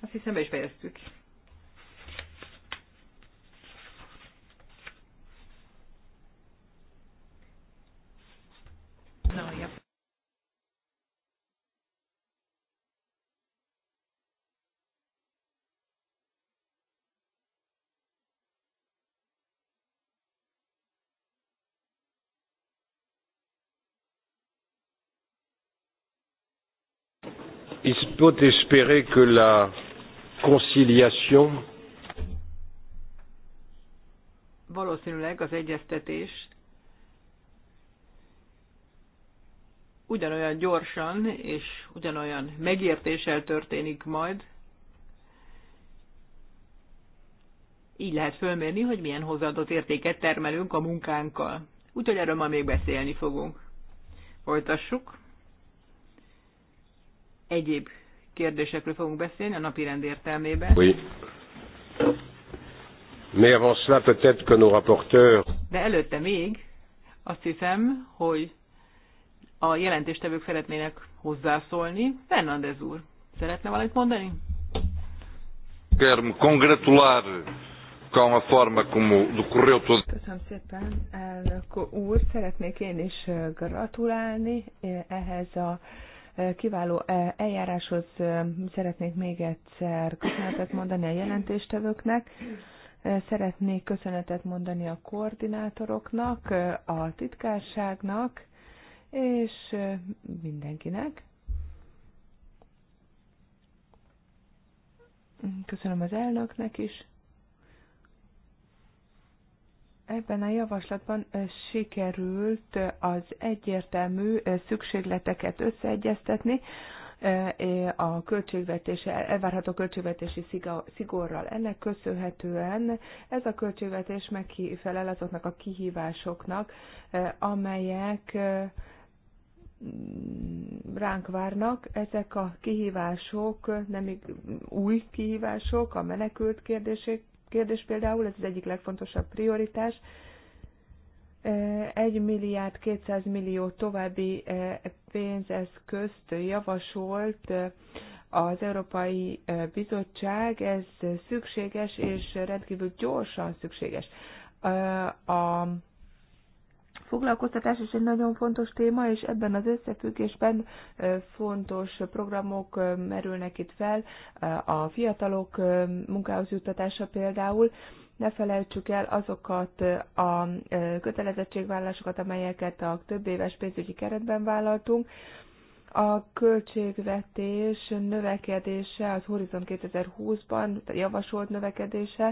Azt hiszem, be is fejeztük. peut espérer que la conciliation valószínűleg az egyeztetés ugyanolyan gyorsan és ugyanolyan megértéssel történik majd. Így lehet fölmérni, hogy milyen hozzáadott értéket termelünk a munkánkkal. Úgyhogy erről ma még beszélni fogunk. Folytassuk. Egyéb kérdésekről fogunk beszélni a napi rend értelmében. Oui. Mais avant cela, peut-être que nos rapporteurs... De előtte még azt hiszem, hogy a jelentéstevők szeretnének hozzászólni. Fernández úr, szeretne valamit mondani? Quero-me congratular com a forma como decorreu todo. Köszönöm szépen, elnök úr. Szeretnék én is gratulálni eh, ehhez a kiváló eh, eljáráshoz eh, szeretnék még egyszer köszönetet mondani a jelentéstevőknek. Eh, szeretnék köszönetet mondani a koordinátoroknak, a titkárságnak és mindenkinek. Köszönöm az elnöknek is. Ebben a javaslatban sikerült az egyértelmű szükségleteket összeegyeztetni, a költségvetése, elvárható költségvetési szigorral. Ennek köszönhetően ez a költségvetés megfelel azoknak a kihívásoknak, amelyek ránk várnak. Ezek a kihívások nem új kihívások, a menekült kérdések, kérdés például, ez az egyik legfontosabb prioritás. 1 milliárd 200 millió további eh, pénzeszközt javasolt eh, az Európai eh, Bizottság, ez szükséges és rendkívül gyorsan szükséges. A foglalkoztatás is egy nagyon fontos téma, és ebben az összefüggésben fontos programok merülnek itt fel, a fiatalok munkához juttatása például, ne felejtsük el azokat a kötelezettségvállásokat, amelyeket a több éves pénzügyi keretben vállaltunk. A költségvetés növekedése az Horizon 2020-ban, javasolt növekedése,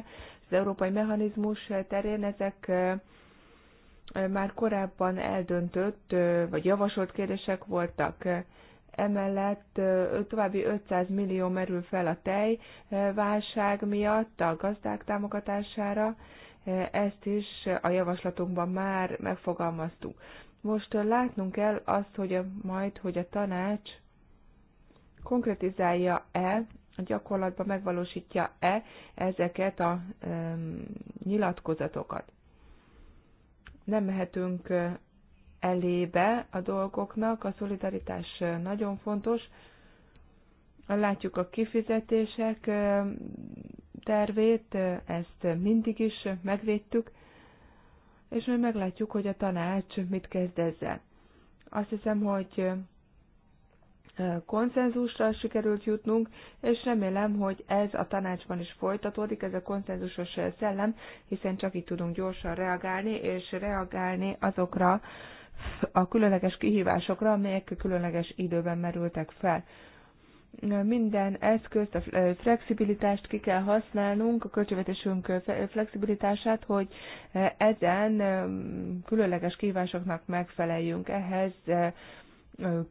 az európai mechanizmus terén ezek már korábban eldöntött vagy javasolt kérdések voltak. Emellett további 500 millió merül fel a tejválság miatt a gazdák támogatására, ezt is a javaslatunkban már megfogalmaztuk. Most látnunk kell azt, hogy majd, hogy a tanács konkretizálja-e, a gyakorlatban megvalósítja-e ezeket a nyilatkozatokat nem mehetünk elébe a dolgoknak, a szolidaritás nagyon fontos. Látjuk a kifizetések tervét, ezt mindig is megvédtük, és majd meglátjuk, hogy a tanács mit kezd ezzel. Azt hiszem, hogy konszenzusra sikerült jutnunk, és remélem, hogy ez a tanácsban is folytatódik, ez a konszenzusos szellem, hiszen csak így tudunk gyorsan reagálni, és reagálni azokra a különleges kihívásokra, amelyek különleges időben merültek fel. Minden eszközt, a flexibilitást ki kell használnunk, a költségvetésünk flexibilitását, hogy ezen különleges kihívásoknak megfeleljünk. Ehhez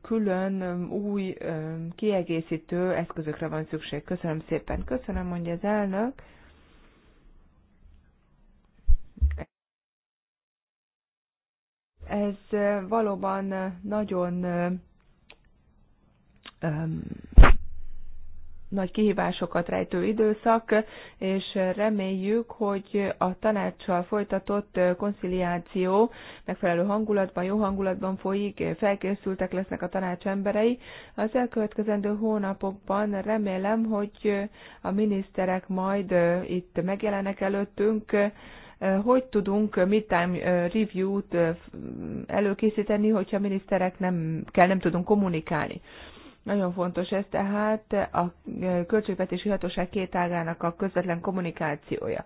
külön új kiegészítő eszközökre van szükség. Köszönöm szépen. Köszönöm, mondja az elnök. Ez valóban nagyon nagy kihívásokat rejtő időszak, és reméljük, hogy a tanácssal folytatott konciliáció megfelelő hangulatban, jó hangulatban folyik, felkészültek lesznek a tanács emberei. Az elkövetkezendő hónapokban remélem, hogy a miniszterek majd itt megjelennek előttünk, hogy tudunk midtime review-t előkészíteni, hogyha miniszterek nem kell, nem tudunk kommunikálni. Nagyon fontos ez tehát a költségvetési hatóság két ágának a közvetlen kommunikációja.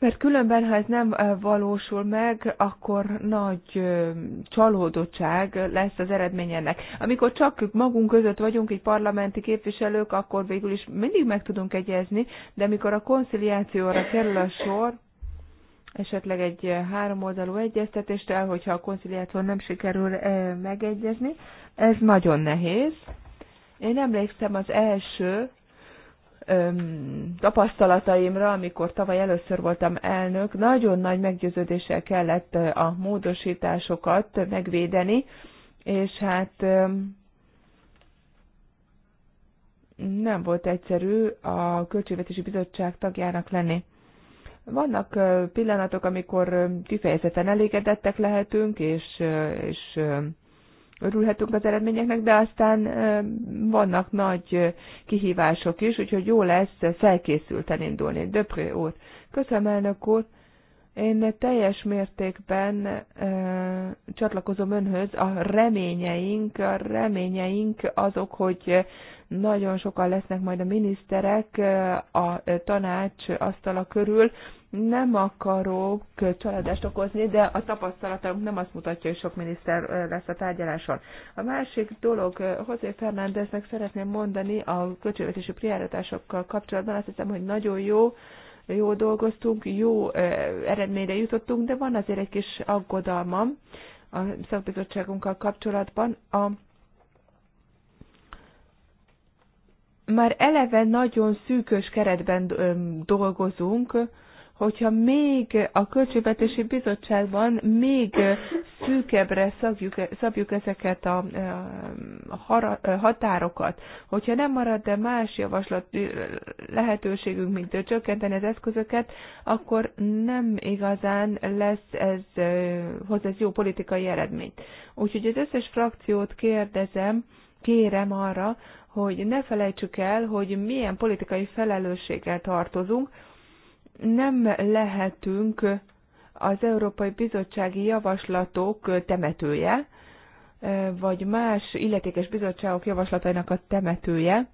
Mert különben, ha ez nem valósul meg, akkor nagy csalódottság lesz az eredmény ennek. Amikor csak magunk között vagyunk, egy parlamenti képviselők, akkor végül is mindig meg tudunk egyezni, de amikor a konciliációra kerül a sor, esetleg egy háromoldalú egyeztetést el, hogyha a konciliátor nem sikerül megegyezni. Ez nagyon nehéz. Én emlékszem az első öm, tapasztalataimra, amikor tavaly először voltam elnök, nagyon nagy meggyőződéssel kellett a módosításokat megvédeni, és hát öm, nem volt egyszerű a Költségvetési Bizottság tagjának lenni. Vannak pillanatok, amikor kifejezetten elégedettek lehetünk, és, és örülhetünk az eredményeknek, de aztán vannak nagy kihívások is, úgyhogy jó lesz felkészülten indulni. Döpré út. köszönöm elnök úr, én teljes mértékben e, csatlakozom önhöz, a reményeink, a reményeink azok, hogy nagyon sokan lesznek majd a miniszterek a tanács asztala körül. Nem akarok családást okozni, de a tapasztalatunk nem azt mutatja, hogy sok miniszter lesz a tárgyaláson. A másik dolog, José Fernándeznek szeretném mondani a költségvetési priáratásokkal kapcsolatban, azt hiszem, hogy nagyon jó, jó dolgoztunk, jó eredményre jutottunk, de van azért egy kis aggodalmam a szakbizottságunkkal kapcsolatban. A már eleve nagyon szűkös keretben dolgozunk, hogyha még a Költségvetési Bizottságban még szűkebbre szabjuk, e, szabjuk ezeket a határokat, hogyha nem marad de más javaslat lehetőségünk, mint csökkenteni az eszközöket, akkor nem igazán lesz ez, hoz ez jó politikai eredményt. Úgyhogy az összes frakciót kérdezem, kérem arra, hogy ne felejtsük el, hogy milyen politikai felelősséggel tartozunk. Nem lehetünk az Európai Bizottsági Javaslatok temetője, e, vagy más illetékes bizottságok javaslatainak a temetője.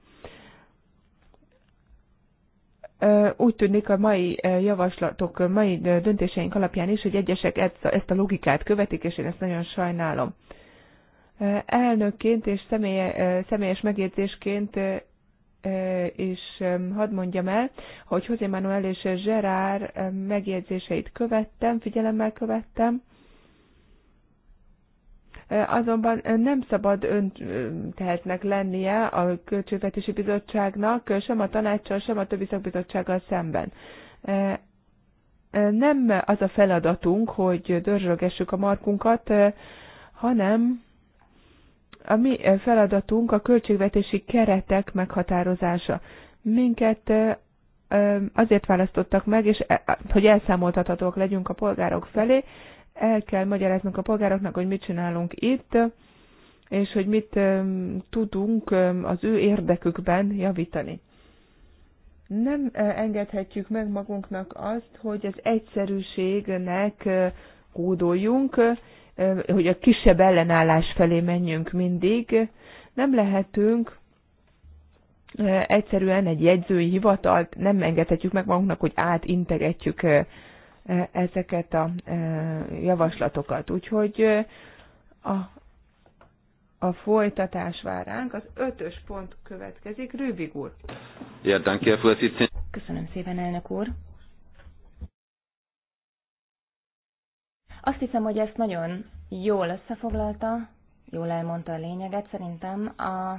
E, úgy tűnik a mai e, javaslatok, mai döntéseink alapján is, hogy egyesek ezt a logikát követik, és én ezt nagyon sajnálom. Elnökként és személye, személyes megjegyzésként és hadd mondjam el, hogy José Manuel és Gerard megjegyzéseit követtem, figyelemmel követtem, azonban nem szabad öntehetnek lennie a Költségvetési Bizottságnak sem a tanácssal, sem a többi szakbizottsággal szemben. Nem az a feladatunk, hogy dörzsögessük a markunkat, hanem a mi eh, feladatunk a költségvetési keretek meghatározása. Minket eh, eh, azért választottak meg, és hogy elszámoltathatók legyünk a polgárok felé, el kell magyaráznunk a polgároknak, hogy mit csinálunk itt, és hogy mit tudunk az ő érdekükben javítani. Nem engedhetjük meg magunknak azt, hogy az egyszerűségnek kódoljunk, hogy a kisebb ellenállás felé menjünk mindig. Nem lehetünk egyszerűen egy jegyzői hivatalt, nem engedhetjük meg magunknak, hogy átintegetjük ezeket a javaslatokat. Úgyhogy a, a folytatás vár ránk. Az ötös pont következik. Rübig úr. Köszönöm szépen, elnök úr. Azt hiszem, hogy ezt nagyon jól összefoglalta, jól elmondta a lényeget. Szerintem a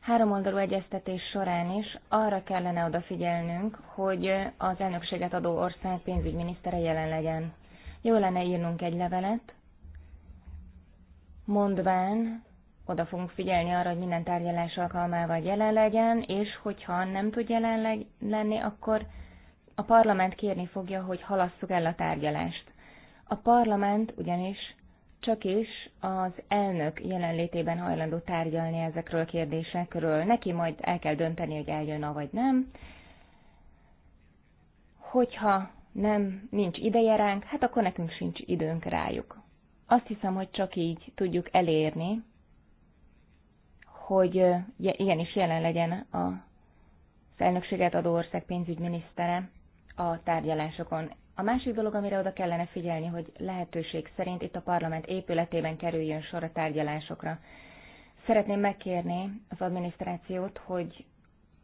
háromoldalú egyeztetés során is arra kellene odafigyelnünk, hogy az elnökséget adó ország pénzügyminisztere jelen legyen. Jó lenne írnunk egy levelet, mondván, oda fogunk figyelni arra, hogy minden tárgyalás alkalmával jelen legyen, és hogyha nem tud jelen lenni, akkor a parlament kérni fogja, hogy halasszuk el a tárgyalást. A parlament ugyanis csak is az elnök jelenlétében hajlandó tárgyalni ezekről a kérdésekről. Neki majd el kell dönteni, hogy eljön, vagy nem. Hogyha nem, nincs ideje ránk, hát akkor nekünk sincs időnk rájuk. Azt hiszem, hogy csak így tudjuk elérni, hogy igenis jelen legyen a elnökséget adó ország pénzügyminisztere a tárgyalásokon. A másik dolog, amire oda kellene figyelni, hogy lehetőség szerint itt a parlament épületében kerüljön sor a tárgyalásokra. Szeretném megkérni az adminisztrációt, hogy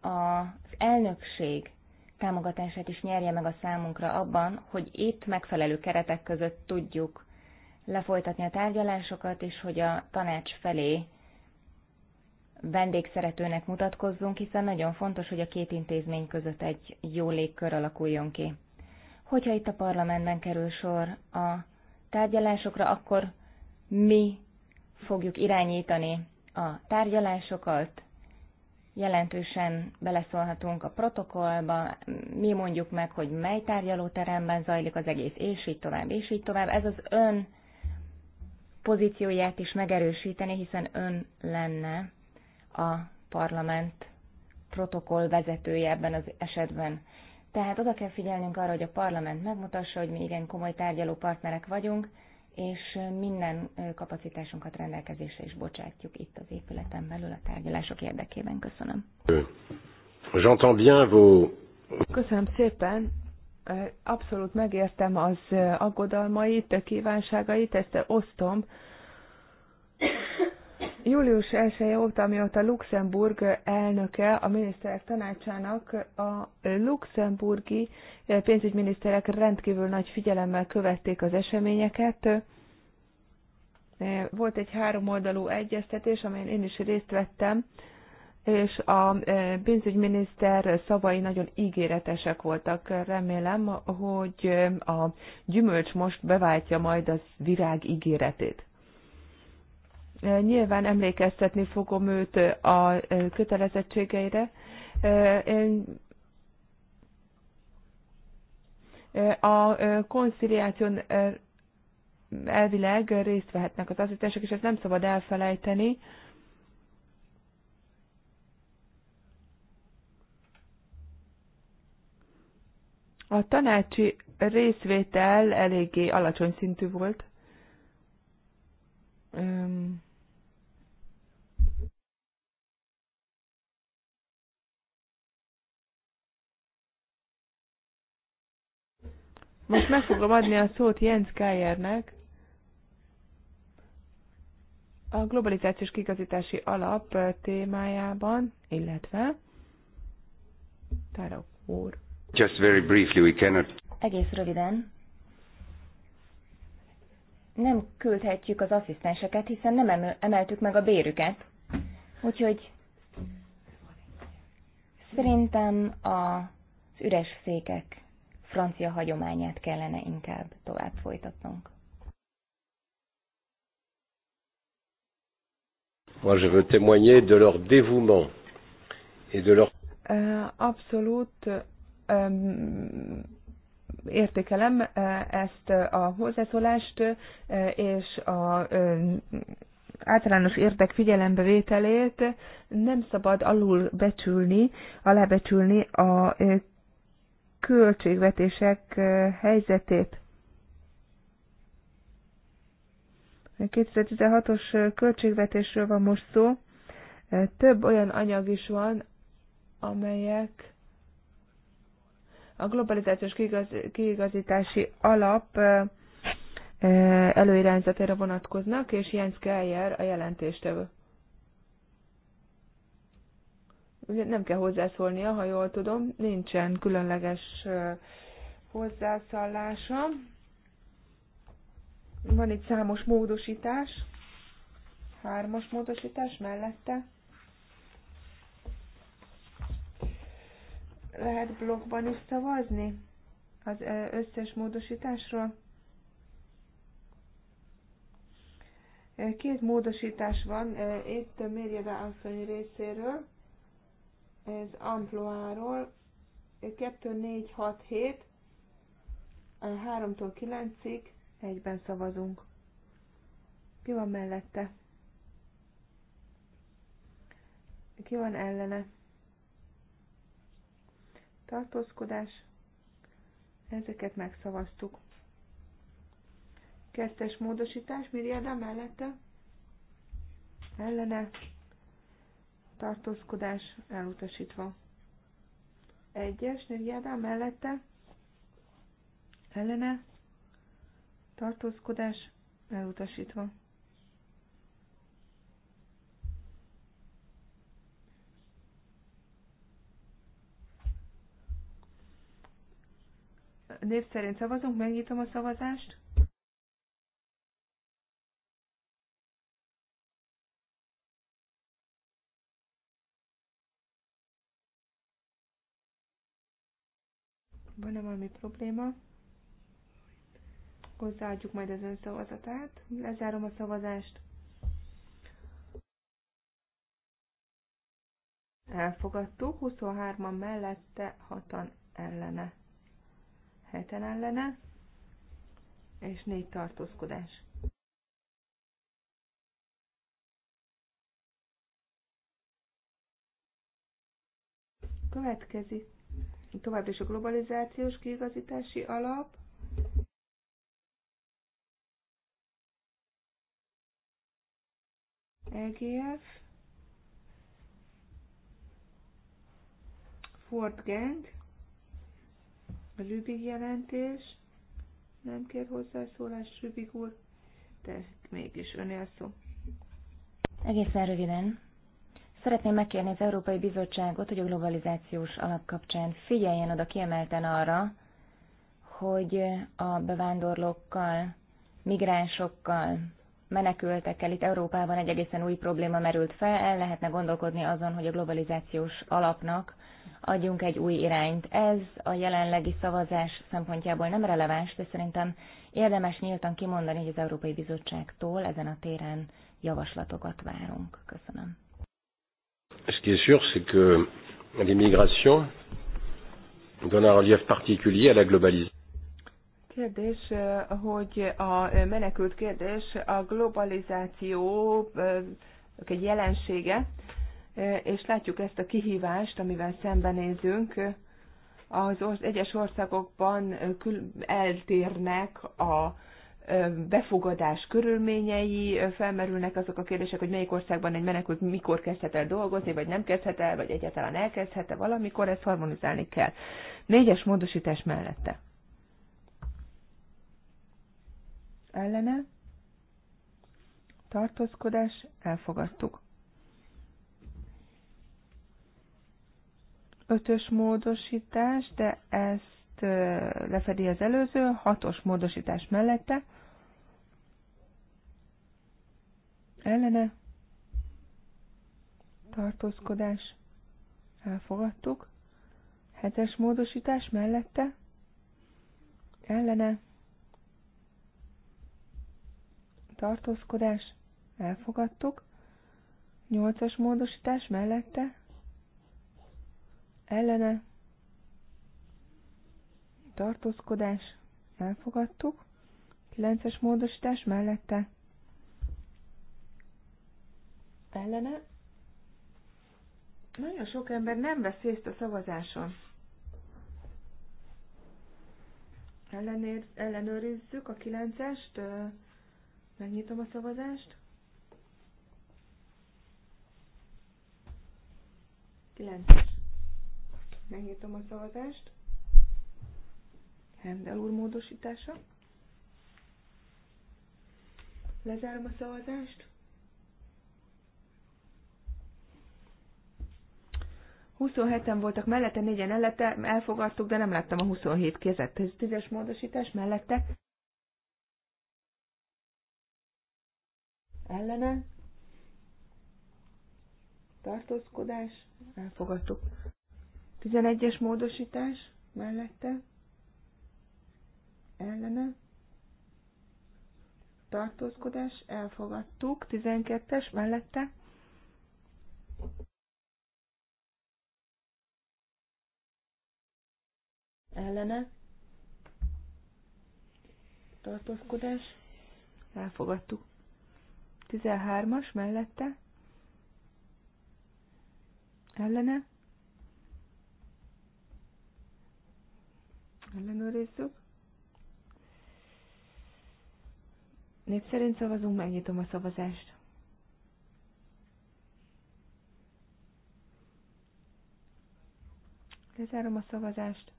az elnökség támogatását is nyerje meg a számunkra abban, hogy itt megfelelő keretek között tudjuk lefolytatni a tárgyalásokat, és hogy a tanács felé vendégszeretőnek mutatkozzunk, hiszen nagyon fontos, hogy a két intézmény között egy jó légkör alakuljon ki. Hogyha itt a parlamentben kerül sor a tárgyalásokra, akkor mi fogjuk irányítani a tárgyalásokat, jelentősen beleszólhatunk a protokollba, mi mondjuk meg, hogy mely tárgyalóteremben zajlik az egész, és így tovább, és így tovább. Ez az ön pozícióját is megerősíteni, hiszen ön lenne a parlament protokoll vezetője ebben az esetben. Tehát oda kell figyelnünk arra, hogy a parlament megmutassa, hogy mi igen komoly tárgyaló partnerek vagyunk, és minden kapacitásunkat rendelkezésre is bocsátjuk itt az épületen belül a tárgyalások érdekében. Köszönöm. Köszönöm szépen. Abszolút megértem az aggodalmait, a kívánságait, ezt osztom. Július 1 -e óta, amióta Luxemburg elnöke a miniszterek tanácsának, a luxemburgi pénzügyminiszterek rendkívül nagy figyelemmel követték az eseményeket. Volt egy háromoldalú egyeztetés, amelyen én is részt vettem, és a pénzügyminiszter szavai nagyon ígéretesek voltak. Remélem, hogy a gyümölcs most beváltja majd az virág ígéretét. Nyilván emlékeztetni fogom őt a e, kötelezettségeire. Én e, e, a konciliáción elvileg részt vehetnek az asszisztensek, és ezt nem szabad elfelejteni. A tanácsi részvétel eléggé alacsony szintű volt. Most meg fogom adni a szót Jens Kájernek, a globalizációs kigazítási alap témájában, illetve Tárok úr. Just very briefly, we cannot... Egész röviden. Nem küldhetjük az asszisztenseket, hiszen nem emeltük meg a bérüket. Úgyhogy szerintem az üres székek francia hagyományát kellene inkább tovább folytatnunk. Moi, je veux témoigner de leur dévouement et de leur... Abszolút um, értékelem ezt a hozzászólást és a általános érdek figyelembevételét nem szabad alul becsülni, alábecsülni a költségvetések helyzetét. A 2016-os költségvetésről van most szó. Több olyan anyag is van, amelyek a globalizációs kiigazítási alap előirányzatára vonatkoznak, és Jens Keller a jelentéstevő. nem kell hozzászólnia, ha jól tudom, nincsen különleges hozzászállása. Van itt számos módosítás, hármas módosítás mellette. Lehet blogban is szavazni az összes módosításról. Két módosítás van itt Mérjeda asszony részéről ez Amploáról, 2, 4, 6, 7, 3-tól 9-ig egyben szavazunk. Ki van mellette? Ki van ellene? Tartózkodás. Ezeket megszavaztuk. Kettes módosítás, Miriada mellette? Ellene tartózkodás elutasítva. Egyes névjádán mellette ellene tartózkodás elutasítva. Név szerint szavazunk, megnyitom a szavazást. Van-e valami probléma? Hozzáadjuk majd az ön szavazatát. Lezárom a szavazást. Elfogadtuk, 23-an mellette, 6-an ellene. 7-en ellene, és 4 tartózkodás. Következik Tovább is a globalizációs kiigazítási alap. EGF. Ford Gang. A Lübig jelentés. Nem kér hozzászólás, Lübig úr, de mégis önél szó. Egészen röviden. Szeretném megkérni az Európai Bizottságot, hogy a globalizációs alap kapcsán figyeljen oda kiemelten arra, hogy a bevándorlókkal, migránsokkal, menekültekkel itt Európában egy egészen új probléma merült fel, el lehetne gondolkodni azon, hogy a globalizációs alapnak adjunk egy új irányt. Ez a jelenlegi szavazás szempontjából nem releváns, de szerintem érdemes nyíltan kimondani, hogy az Európai Bizottságtól ezen a téren javaslatokat várunk. Köszönöm ce qui est sûr, c'est que l'immigration donne un relief particulier à la globalisation. Kérdés, hogy a menekült kérdés a globalizáció egy jelensége, és látjuk ezt a kihívást, amivel szembenézünk. Az egyes országokban eltérnek a befogadás körülményei, felmerülnek azok a kérdések, hogy melyik országban egy menekült mikor kezdhet el dolgozni, vagy nem kezdhet el, vagy egyáltalán elkezdhet-e valamikor, ezt harmonizálni kell. Négyes módosítás mellette. Ellene? Tartózkodás? Elfogadtuk. Ötös módosítás, de ezt lefedi az előző, hatos módosítás mellette, ellene tartózkodás elfogadtuk, hetes módosítás mellette ellene tartózkodás elfogadtuk, nyolcas módosítás mellette ellene tartózkodás elfogadtuk, kilences módosítás mellette ellene. Nagyon sok ember nem vesz részt a szavazáson. Ellenér, ellenőrizzük a kilencest. megnyitom a szavazást. Kilences. Megnyitom a szavazást. Hendel úr módosítása. Lezárom a szavazást. 27-en voltak mellette, négyen ellette, elfogadtuk, de nem láttam a 27 kezet. Ez tízes módosítás mellette. Ellene. Tartózkodás. Elfogadtuk. 11-es módosítás mellette. Ellene. Tartózkodás. Elfogadtuk. 12-es mellette. ellene tartózkodás elfogadtuk. 13-as mellette ellene ellenőrizzük. Nép szerint szavazunk, megnyitom a szavazást. Lezárom a szavazást.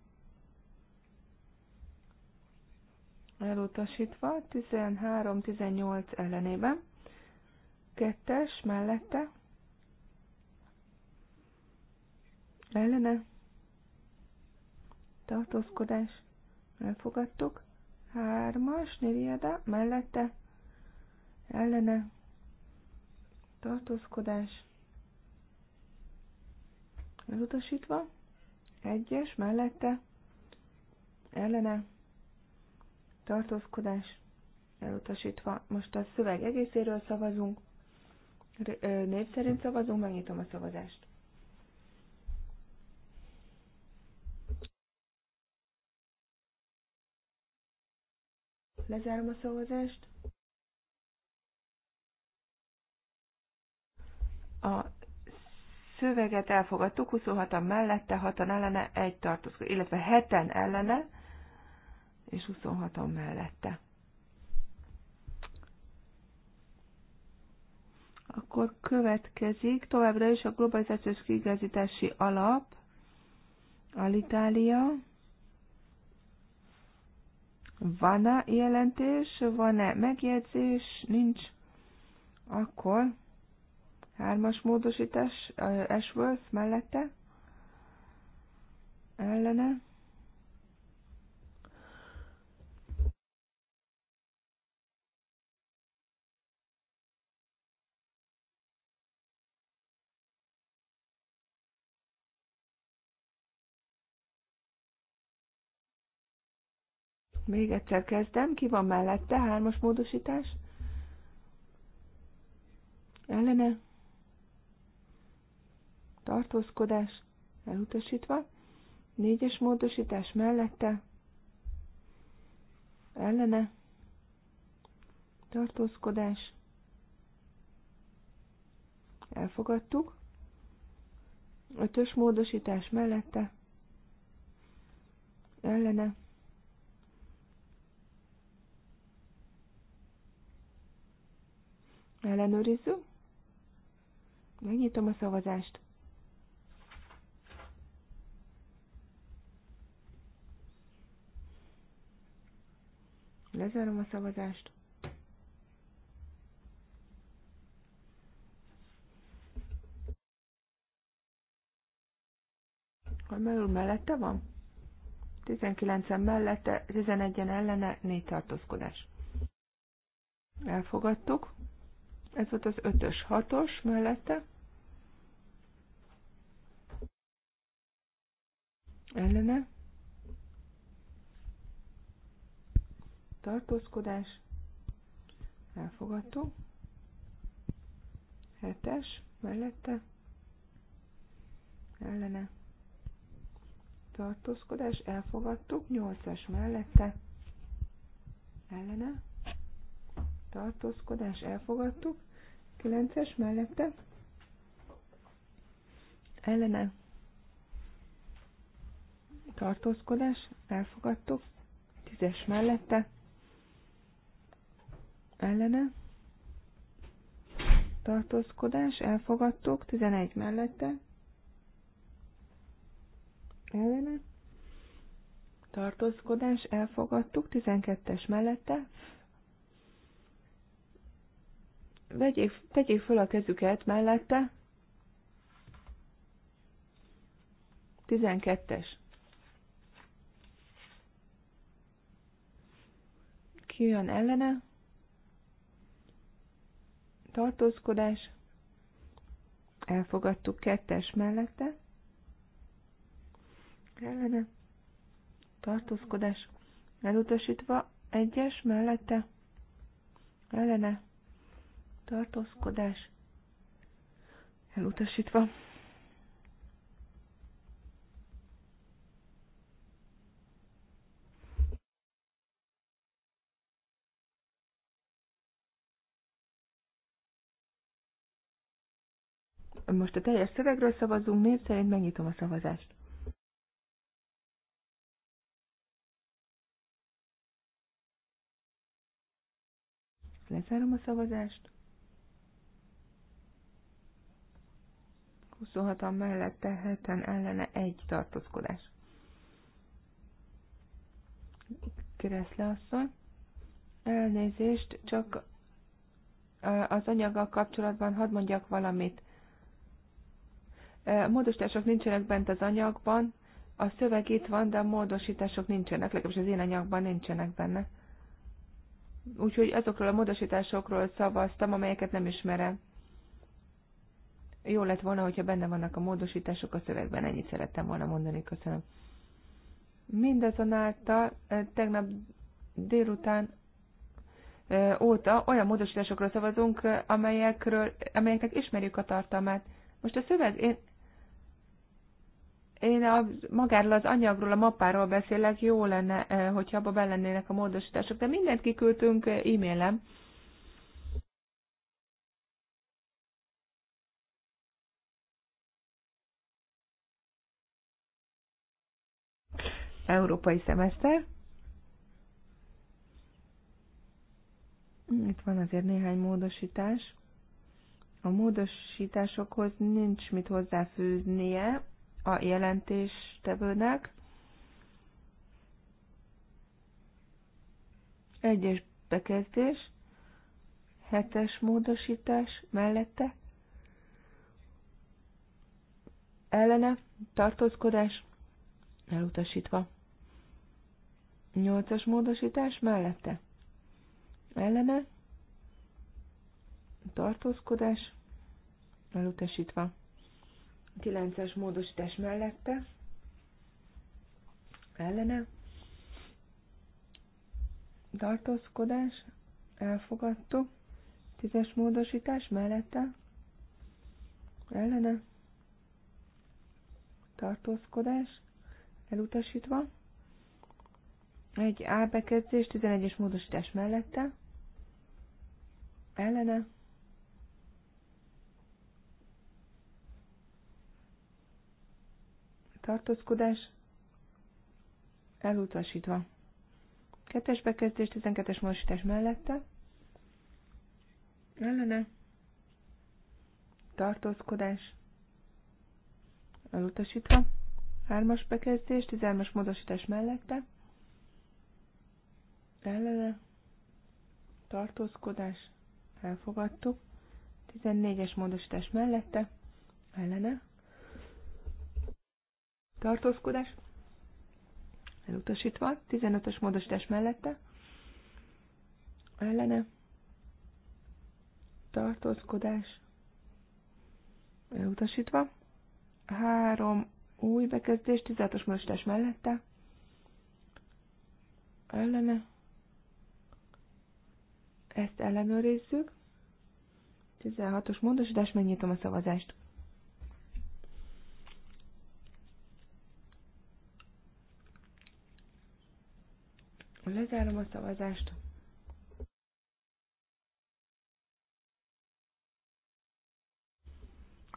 elutasítva, 13-18 ellenében, kettes mellette, ellene, tartózkodás, elfogadtuk, hármas, niriada, mellette, ellene, tartózkodás, elutasítva, egyes, mellette, ellene, tartózkodás elutasítva. Most a szöveg egészéről szavazunk, név szerint szavazunk, megnyitom a szavazást. Lezárom a szavazást. A szöveget elfogadtuk, 26-an mellette, 6-an ellene, egy tartózkodás, illetve 7-en ellene, és 26 an mellette. Akkor következik továbbra is a globalizációs kiigazítási alap, Alitalia, van-e jelentés, van-e megjegyzés, nincs, akkor hármas módosítás eh, Ashworth mellette, ellene, Még egyszer kezdem. Ki van mellette? Hármas módosítás? Ellene? Tartózkodás? Elutasítva? Négyes módosítás mellette? Ellene? Tartózkodás? Elfogadtuk. Ötös módosítás mellette? Ellene? Ellenőrizzük. Megnyitom a szavazást. Lezárom a szavazást. Kamerul mellette van? 19-en mellette, 11-en ellene, 4 tartózkodás. Elfogadtuk. Ez volt az ötös, hatos mellette. Ellene. Tartózkodás. Elfogadó. Hetes mellette. Ellene. Tartózkodás. Elfogadtuk. Nyolcas mellette. Ellene tartózkodás elfogadtuk, 9-es mellette ellene tartózkodás elfogadtuk, 10-es mellette ellene tartózkodás elfogadtuk, 11 mellette ellene tartózkodás elfogadtuk, 12-es mellette vegyék, tegyék föl a kezüket mellette. 12-es. Ki jön ellene? Tartózkodás. Elfogadtuk kettes mellette. Ellene. Tartózkodás. Elutasítva egyes mellette. Ellene tartózkodás elutasítva. Most a teljes szövegről szavazunk, név szerint megnyitom a szavazást. Lezárom a szavazást. 26-an mellette, 7 ellene egy tartózkodás. Kereszle asszony. Elnézést, csak az anyaggal kapcsolatban hadd mondjak valamit. A módosítások nincsenek bent az anyagban, a szöveg itt van, de a módosítások nincsenek, legalábbis az én anyagban nincsenek benne. Úgyhogy azokról a módosításokról szavaztam, amelyeket nem ismerem jó lett volna, hogyha benne vannak a módosítások a szövegben, ennyit szerettem volna mondani, köszönöm. Mindazonáltal tegnap délután óta olyan módosításokra szavazunk, amelyekről, amelyeknek ismerjük a tartalmát. Most a szöveg, én, én a, magáról az anyagról, a mappáról beszélek, jó lenne, hogyha abba belennének a módosítások, de mindent kiküldtünk e-mailem, európai szemeszter. Itt van azért néhány módosítás. A módosításokhoz nincs mit hozzáfűznie a jelentéstevőnek. Egyes bekezdés, hetes módosítás mellette, ellene tartózkodás elutasítva. Nyolcas módosítás mellette. Ellene. Tartózkodás. Elutasítva. Kilences módosítás mellette. Ellene. Tartózkodás. Elfogadtó. Tízes módosítás mellette. Ellene. Tartózkodás elutasítva. Egy A bekezdés, 11-es módosítás mellette, ellene, tartózkodás, elutasítva. Kettes bekezdés, 12-es módosítás mellette, ellene, tartózkodás, elutasítva. Hármas bekezdés, 13 módosítás mellette. Ellene. Tartózkodás. Elfogadtuk. 14-es módosítás mellette. Ellene. Tartózkodás. Elutasítva. 15-ös módosítás mellette. Ellene. Tartózkodás. Elutasítva. 3 új bekezdés, 16-os mostás mellette, ellene, ezt ellenőrizzük, 16-os módosítás, megnyitom a szavazást. Lezárom a szavazást.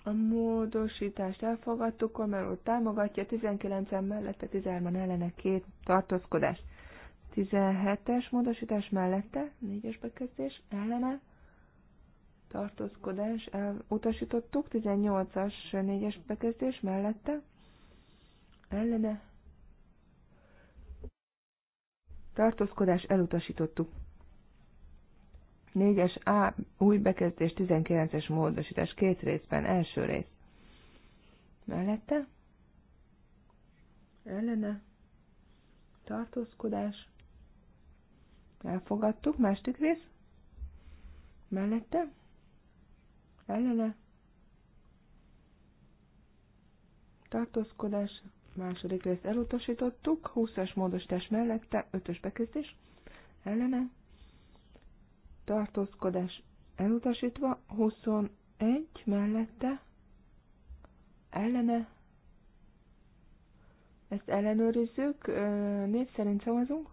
A módosítást elfogadtuk, Kormán úr támogatja, 19-en mellette, 13-an ellene két tartózkodás. 17-es módosítás mellette, 4-es bekezdés, ellene, tartózkodás, elutasítottuk, 18-as 4-es bekezdés mellette, ellene, tartózkodás, elutasítottuk. 4-es A új bekezdés 19-es módosítás két részben, első rész. Mellette? Ellene? Tartózkodás? Elfogadtuk, másik rész? Mellette? Ellene? Tartózkodás? Második részt elutasítottuk, 20-as módosítás mellette, 5-ös bekezdés, ellene, tartózkodás elutasítva, 21 mellette, ellene, ezt ellenőrizzük, név szerint szavazunk,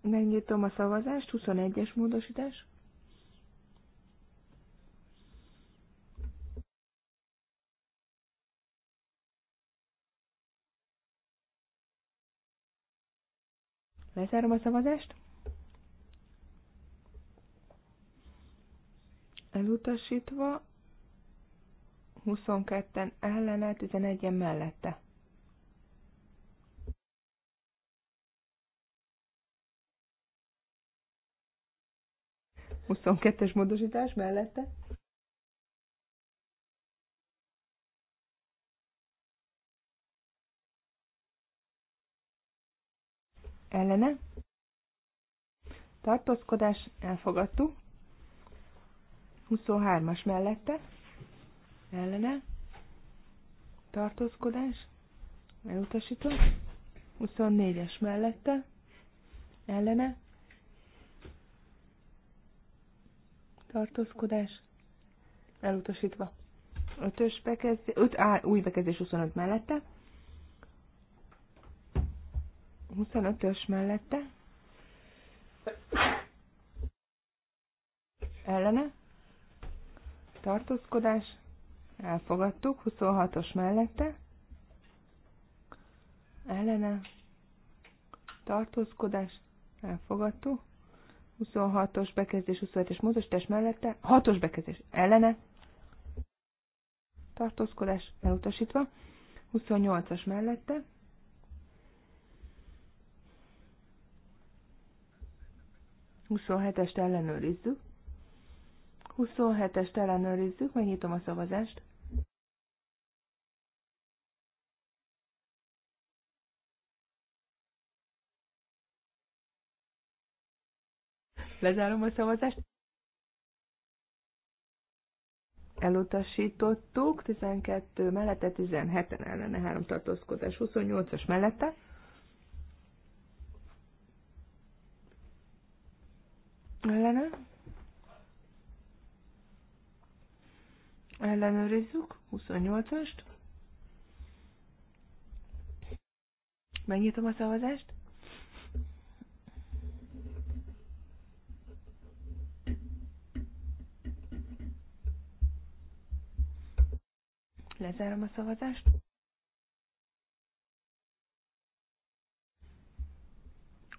megnyitom a szavazást, 21-es módosítás, Lezárom a szavazást. elutasítva, 22-en ellene, 11-en mellette. Huszonkettes módosítás mellette. Ellene. Tartózkodás elfogadtuk. 23-as mellette, ellene, tartózkodás, elutasítom, 24-es mellette, ellene, tartózkodás, elutasítva. 5-ös bekezdés, 5 á, új bekezdés 25 mellette, 25-ös mellette, ellene, tartózkodás, elfogadtuk, 26-os mellette, ellene, tartózkodás, elfogadtuk, 26-os bekezdés, 27-es mozostás mellette, 6-os bekezdés, ellene, tartózkodás, elutasítva, 28-as mellette, Huszonhetest ellenőrizzük. 27-est ellenőrizzük, megnyitom a szavazást. Lezárom a szavazást. Elutasítottuk, 12 mellette, 17-en ellene, 3 tartózkodás, 28-as mellette. Ellene. ellenőrizzük, 28-ast. Megnyitom a szavazást. Lezárom a szavazást.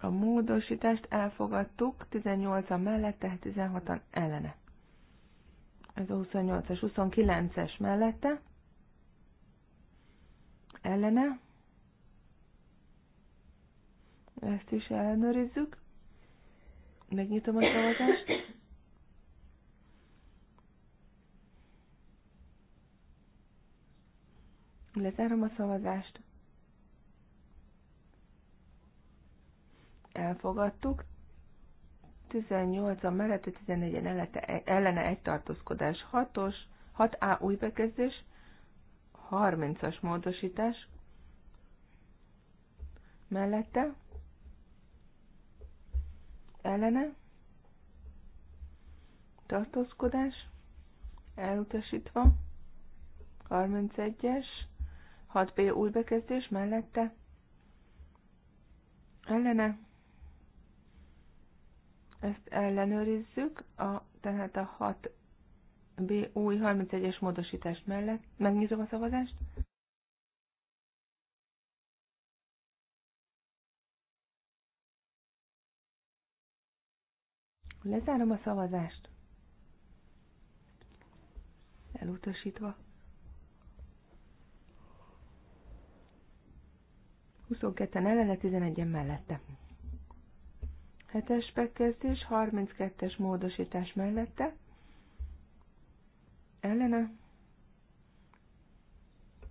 A módosítást elfogadtuk, 18-an mellett, tehát 16-an ellene. Ez a 28-as, 29-es mellette. Ellene. Ezt is ellenőrizzük. Megnyitom a szavazást. Lezárom a szavazást. Elfogadtuk. 18-a mellette, 14-en ellene egy tartózkodás. 6-os, 6A új bekezdés, 30-as módosítás mellette, ellene, tartózkodás, elutasítva, 31-es, 6B új bekezdés mellette, ellene, ezt ellenőrizzük, a, tehát a 6B új 31-es módosítás mellett. Megnyitom a szavazást. Lezárom a szavazást. Elutasítva. 22-en ellene, 11-en mellette. 7-es bekezdés, 32-es módosítás mellette, ellene,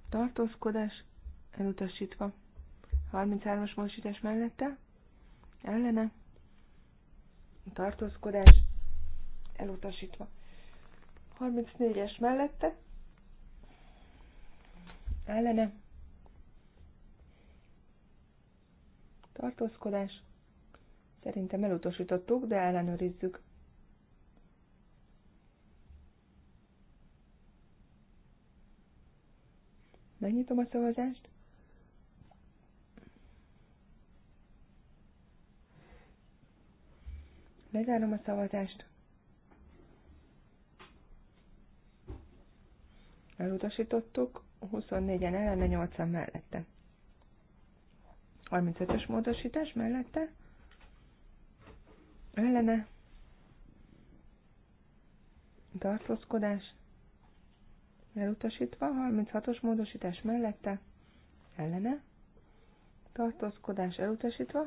tartózkodás, elutasítva, 33-as módosítás mellette, ellene, tartózkodás, elutasítva, 34-es mellette, ellene, tartózkodás, Szerintem elutasítottuk, de ellenőrizzük. Megnyitom a szavazást. Lezárom a szavazást. Elutasítottuk, 24-en ellene, 80 mellette. 35-ös módosítás mellette ellene tartózkodás elutasítva, 36-os módosítás mellette ellene tartózkodás elutasítva,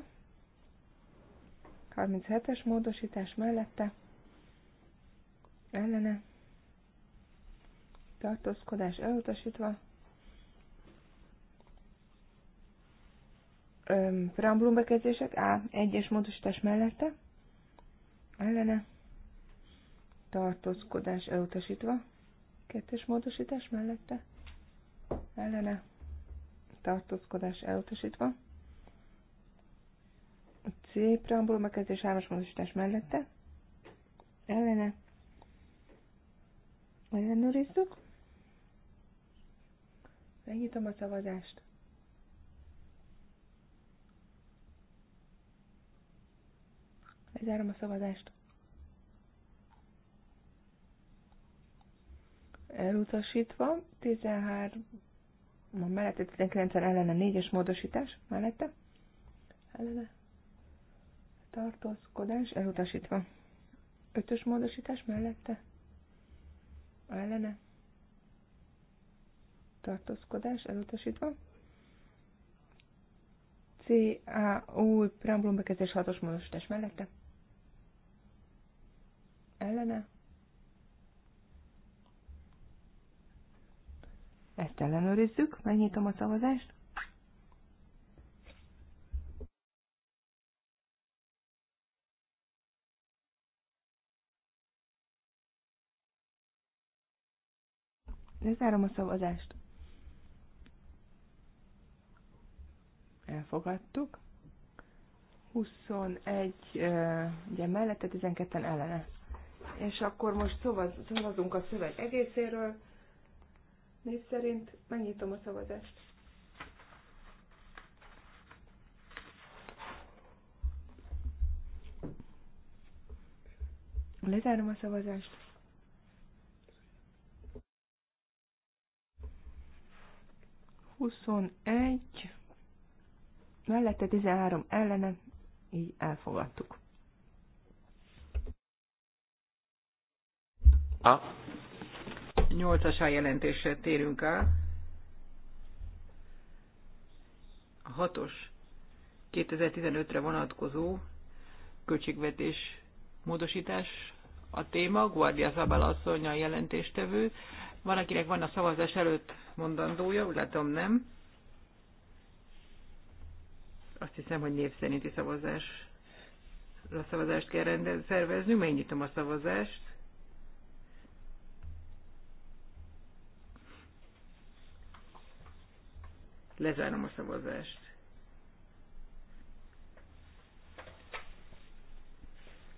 37-es módosítás mellette ellene tartózkodás elutasítva, preambulum bekezdések A1-es módosítás mellette ellene, tartózkodás elutasítva, kettes módosítás mellette, ellene, tartózkodás elutasítva, C preambulum megkezdés hármas módosítás mellette, ellene, ellenőrizzük, megnyitom a szavazást, Lezárom a szavazást. Elutasítva, 13 ma mellette, 19 ellene 4-es módosítás mellette. Ellene. Tartózkodás elutasítva. 5-ös módosítás mellette. Ellene. Tartózkodás elutasítva. CAU preambulum bekezdés 6-os módosítás mellette ellene. Ezt ellenőrizzük, megnyitom a szavazást. Lezárom a szavazást. Elfogadtuk. 21, ugye mellette 12-en ellene. És akkor most szavaz, szavazunk a szöveg egészéről. Név szerint megnyitom a szavazást. Lezárom a szavazást. Huszonegy, mellette 13 ellene, így elfogadtuk. A. nyolcas A jelentésre térünk el. A hatos 2015-re vonatkozó költségvetés módosítás a téma, Guardia Zabal asszony a jelentéstevő. Van, akinek van a szavazás előtt mondandója, úgy látom nem. Azt hiszem, hogy név szerinti szavazás a szavazást kell rendez, szervezni, megnyitom a szavazást. Lezárom a szavazást.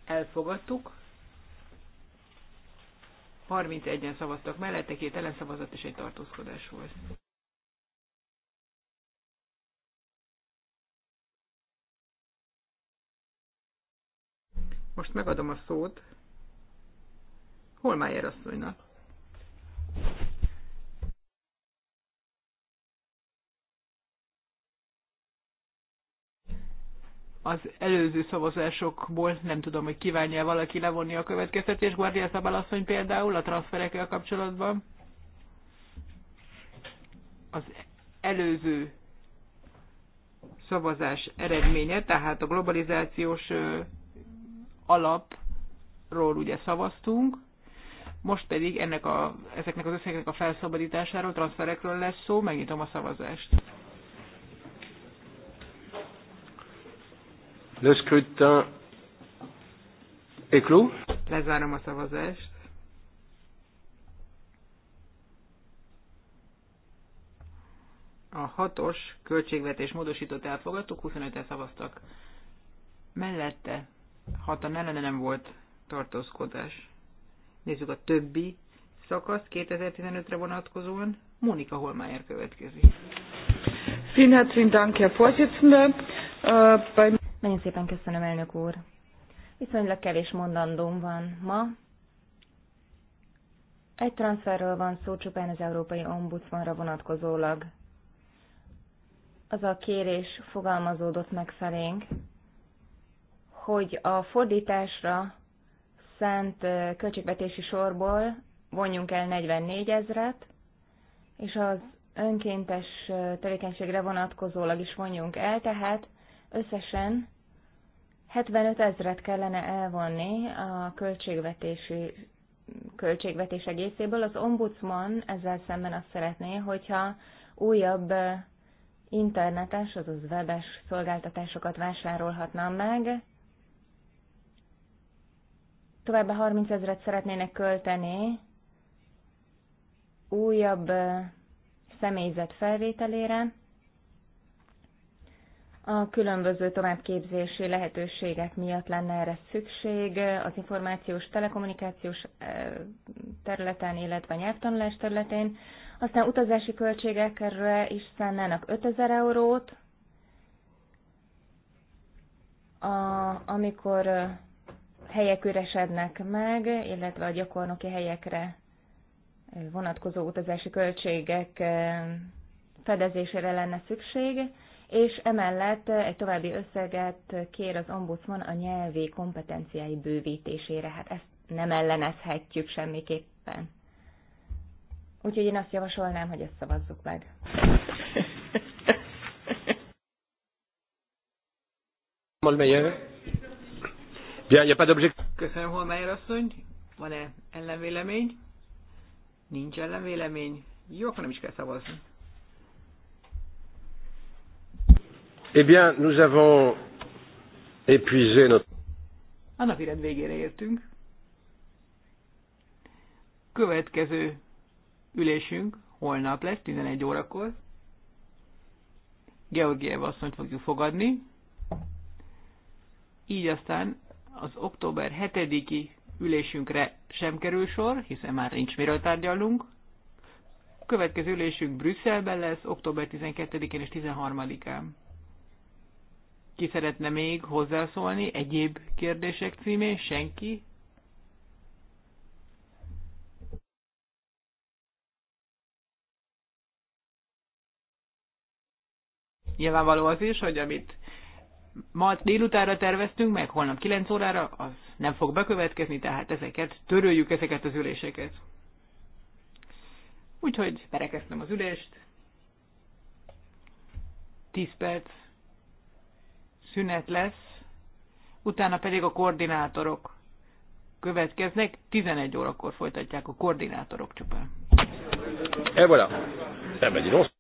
Elfogadtuk. 31-en szavaztak mellette, két ellenszavazat és egy tartózkodás volt. Most megadom a szót Holmájer asszonynak. az előző szavazásokból nem tudom, hogy kívánja valaki levonni a következtetés. Guardia asszony például a transferekkel kapcsolatban az előző szavazás eredménye, tehát a globalizációs alapról ugye szavaztunk, most pedig ennek a, ezeknek az összegeknek a felszabadításáról, transferekről lesz szó, megnyitom a szavazást. Le scrutin est clos. Lezárom a szavazást. A hatos költségvetés módosított elfogadtuk, 25-en szavaztak mellette, hatan ellene nem volt tartózkodás. Nézzük a többi szakasz 2015-re vonatkozóan. Monika Holmájer következik. Vielen herzlichen Dank, Herr Vorsitzender. Äh, Beim nagyon szépen köszönöm, elnök úr. Viszonylag kevés mondandóm van ma. Egy transferről van szó csupán az Európai Ombudsmanra vonatkozólag. Az a kérés fogalmazódott meg felénk, hogy a fordításra szent költségvetési sorból vonjunk el 44 ezret, és az önkéntes tevékenységre vonatkozólag is vonjunk el, tehát Összesen 75 ezret kellene elvonni a költségvetési költségvetés egészéből. Az ombudsman ezzel szemben azt szeretné, hogyha újabb internetes, azaz webes szolgáltatásokat vásárolhatnám meg. Továbbá 30 ezeret szeretnének költeni újabb személyzet felvételére, a különböző továbbképzési lehetőségek miatt lenne erre szükség az információs telekommunikációs eh, területen, illetve nyelvtanulás területén. Aztán utazási költségekre is szánnának 5000 eurót, a, amikor eh, helyek üresednek meg, illetve a gyakornoki helyekre eh, vonatkozó utazási költségek fedezésére lenne szükség és emellett egy további összeget kér az ombudsman a nyelvi kompetenciái bővítésére. Hát ezt nem ellenezhetjük semmiképpen. Úgyhogy én azt javasolnám, hogy ezt szavazzuk meg. (laughs) Köszönöm, Holmeyer asszony. Van-e ellenvélemény? Nincs ellenvélemény. Jó, akkor nem is kell szavazni. Eh bien, nous avons épuisé notre... A napirend végére értünk. Következő ülésünk holnap lesz, 11 órakor. Georgiev asszonyt fogjuk fogadni. Így aztán az október 7-i ülésünkre sem kerül sor, hiszen már nincs miről tárgyalunk. Következő ülésünk Brüsszelben lesz, október 12-én és 13-án. Ki szeretne még hozzászólni? Egyéb kérdések címén? Senki? Nyilvánvaló az is, hogy amit ma délutára terveztünk, meg holnap 9 órára, az nem fog bekövetkezni, tehát ezeket, töröljük ezeket az üléseket. Úgyhogy berekeztem az ülést. 10 perc szünet lesz, utána pedig a koordinátorok következnek, 11 órakor folytatják a koordinátorok csupán. E voilà. Nem egy rossz.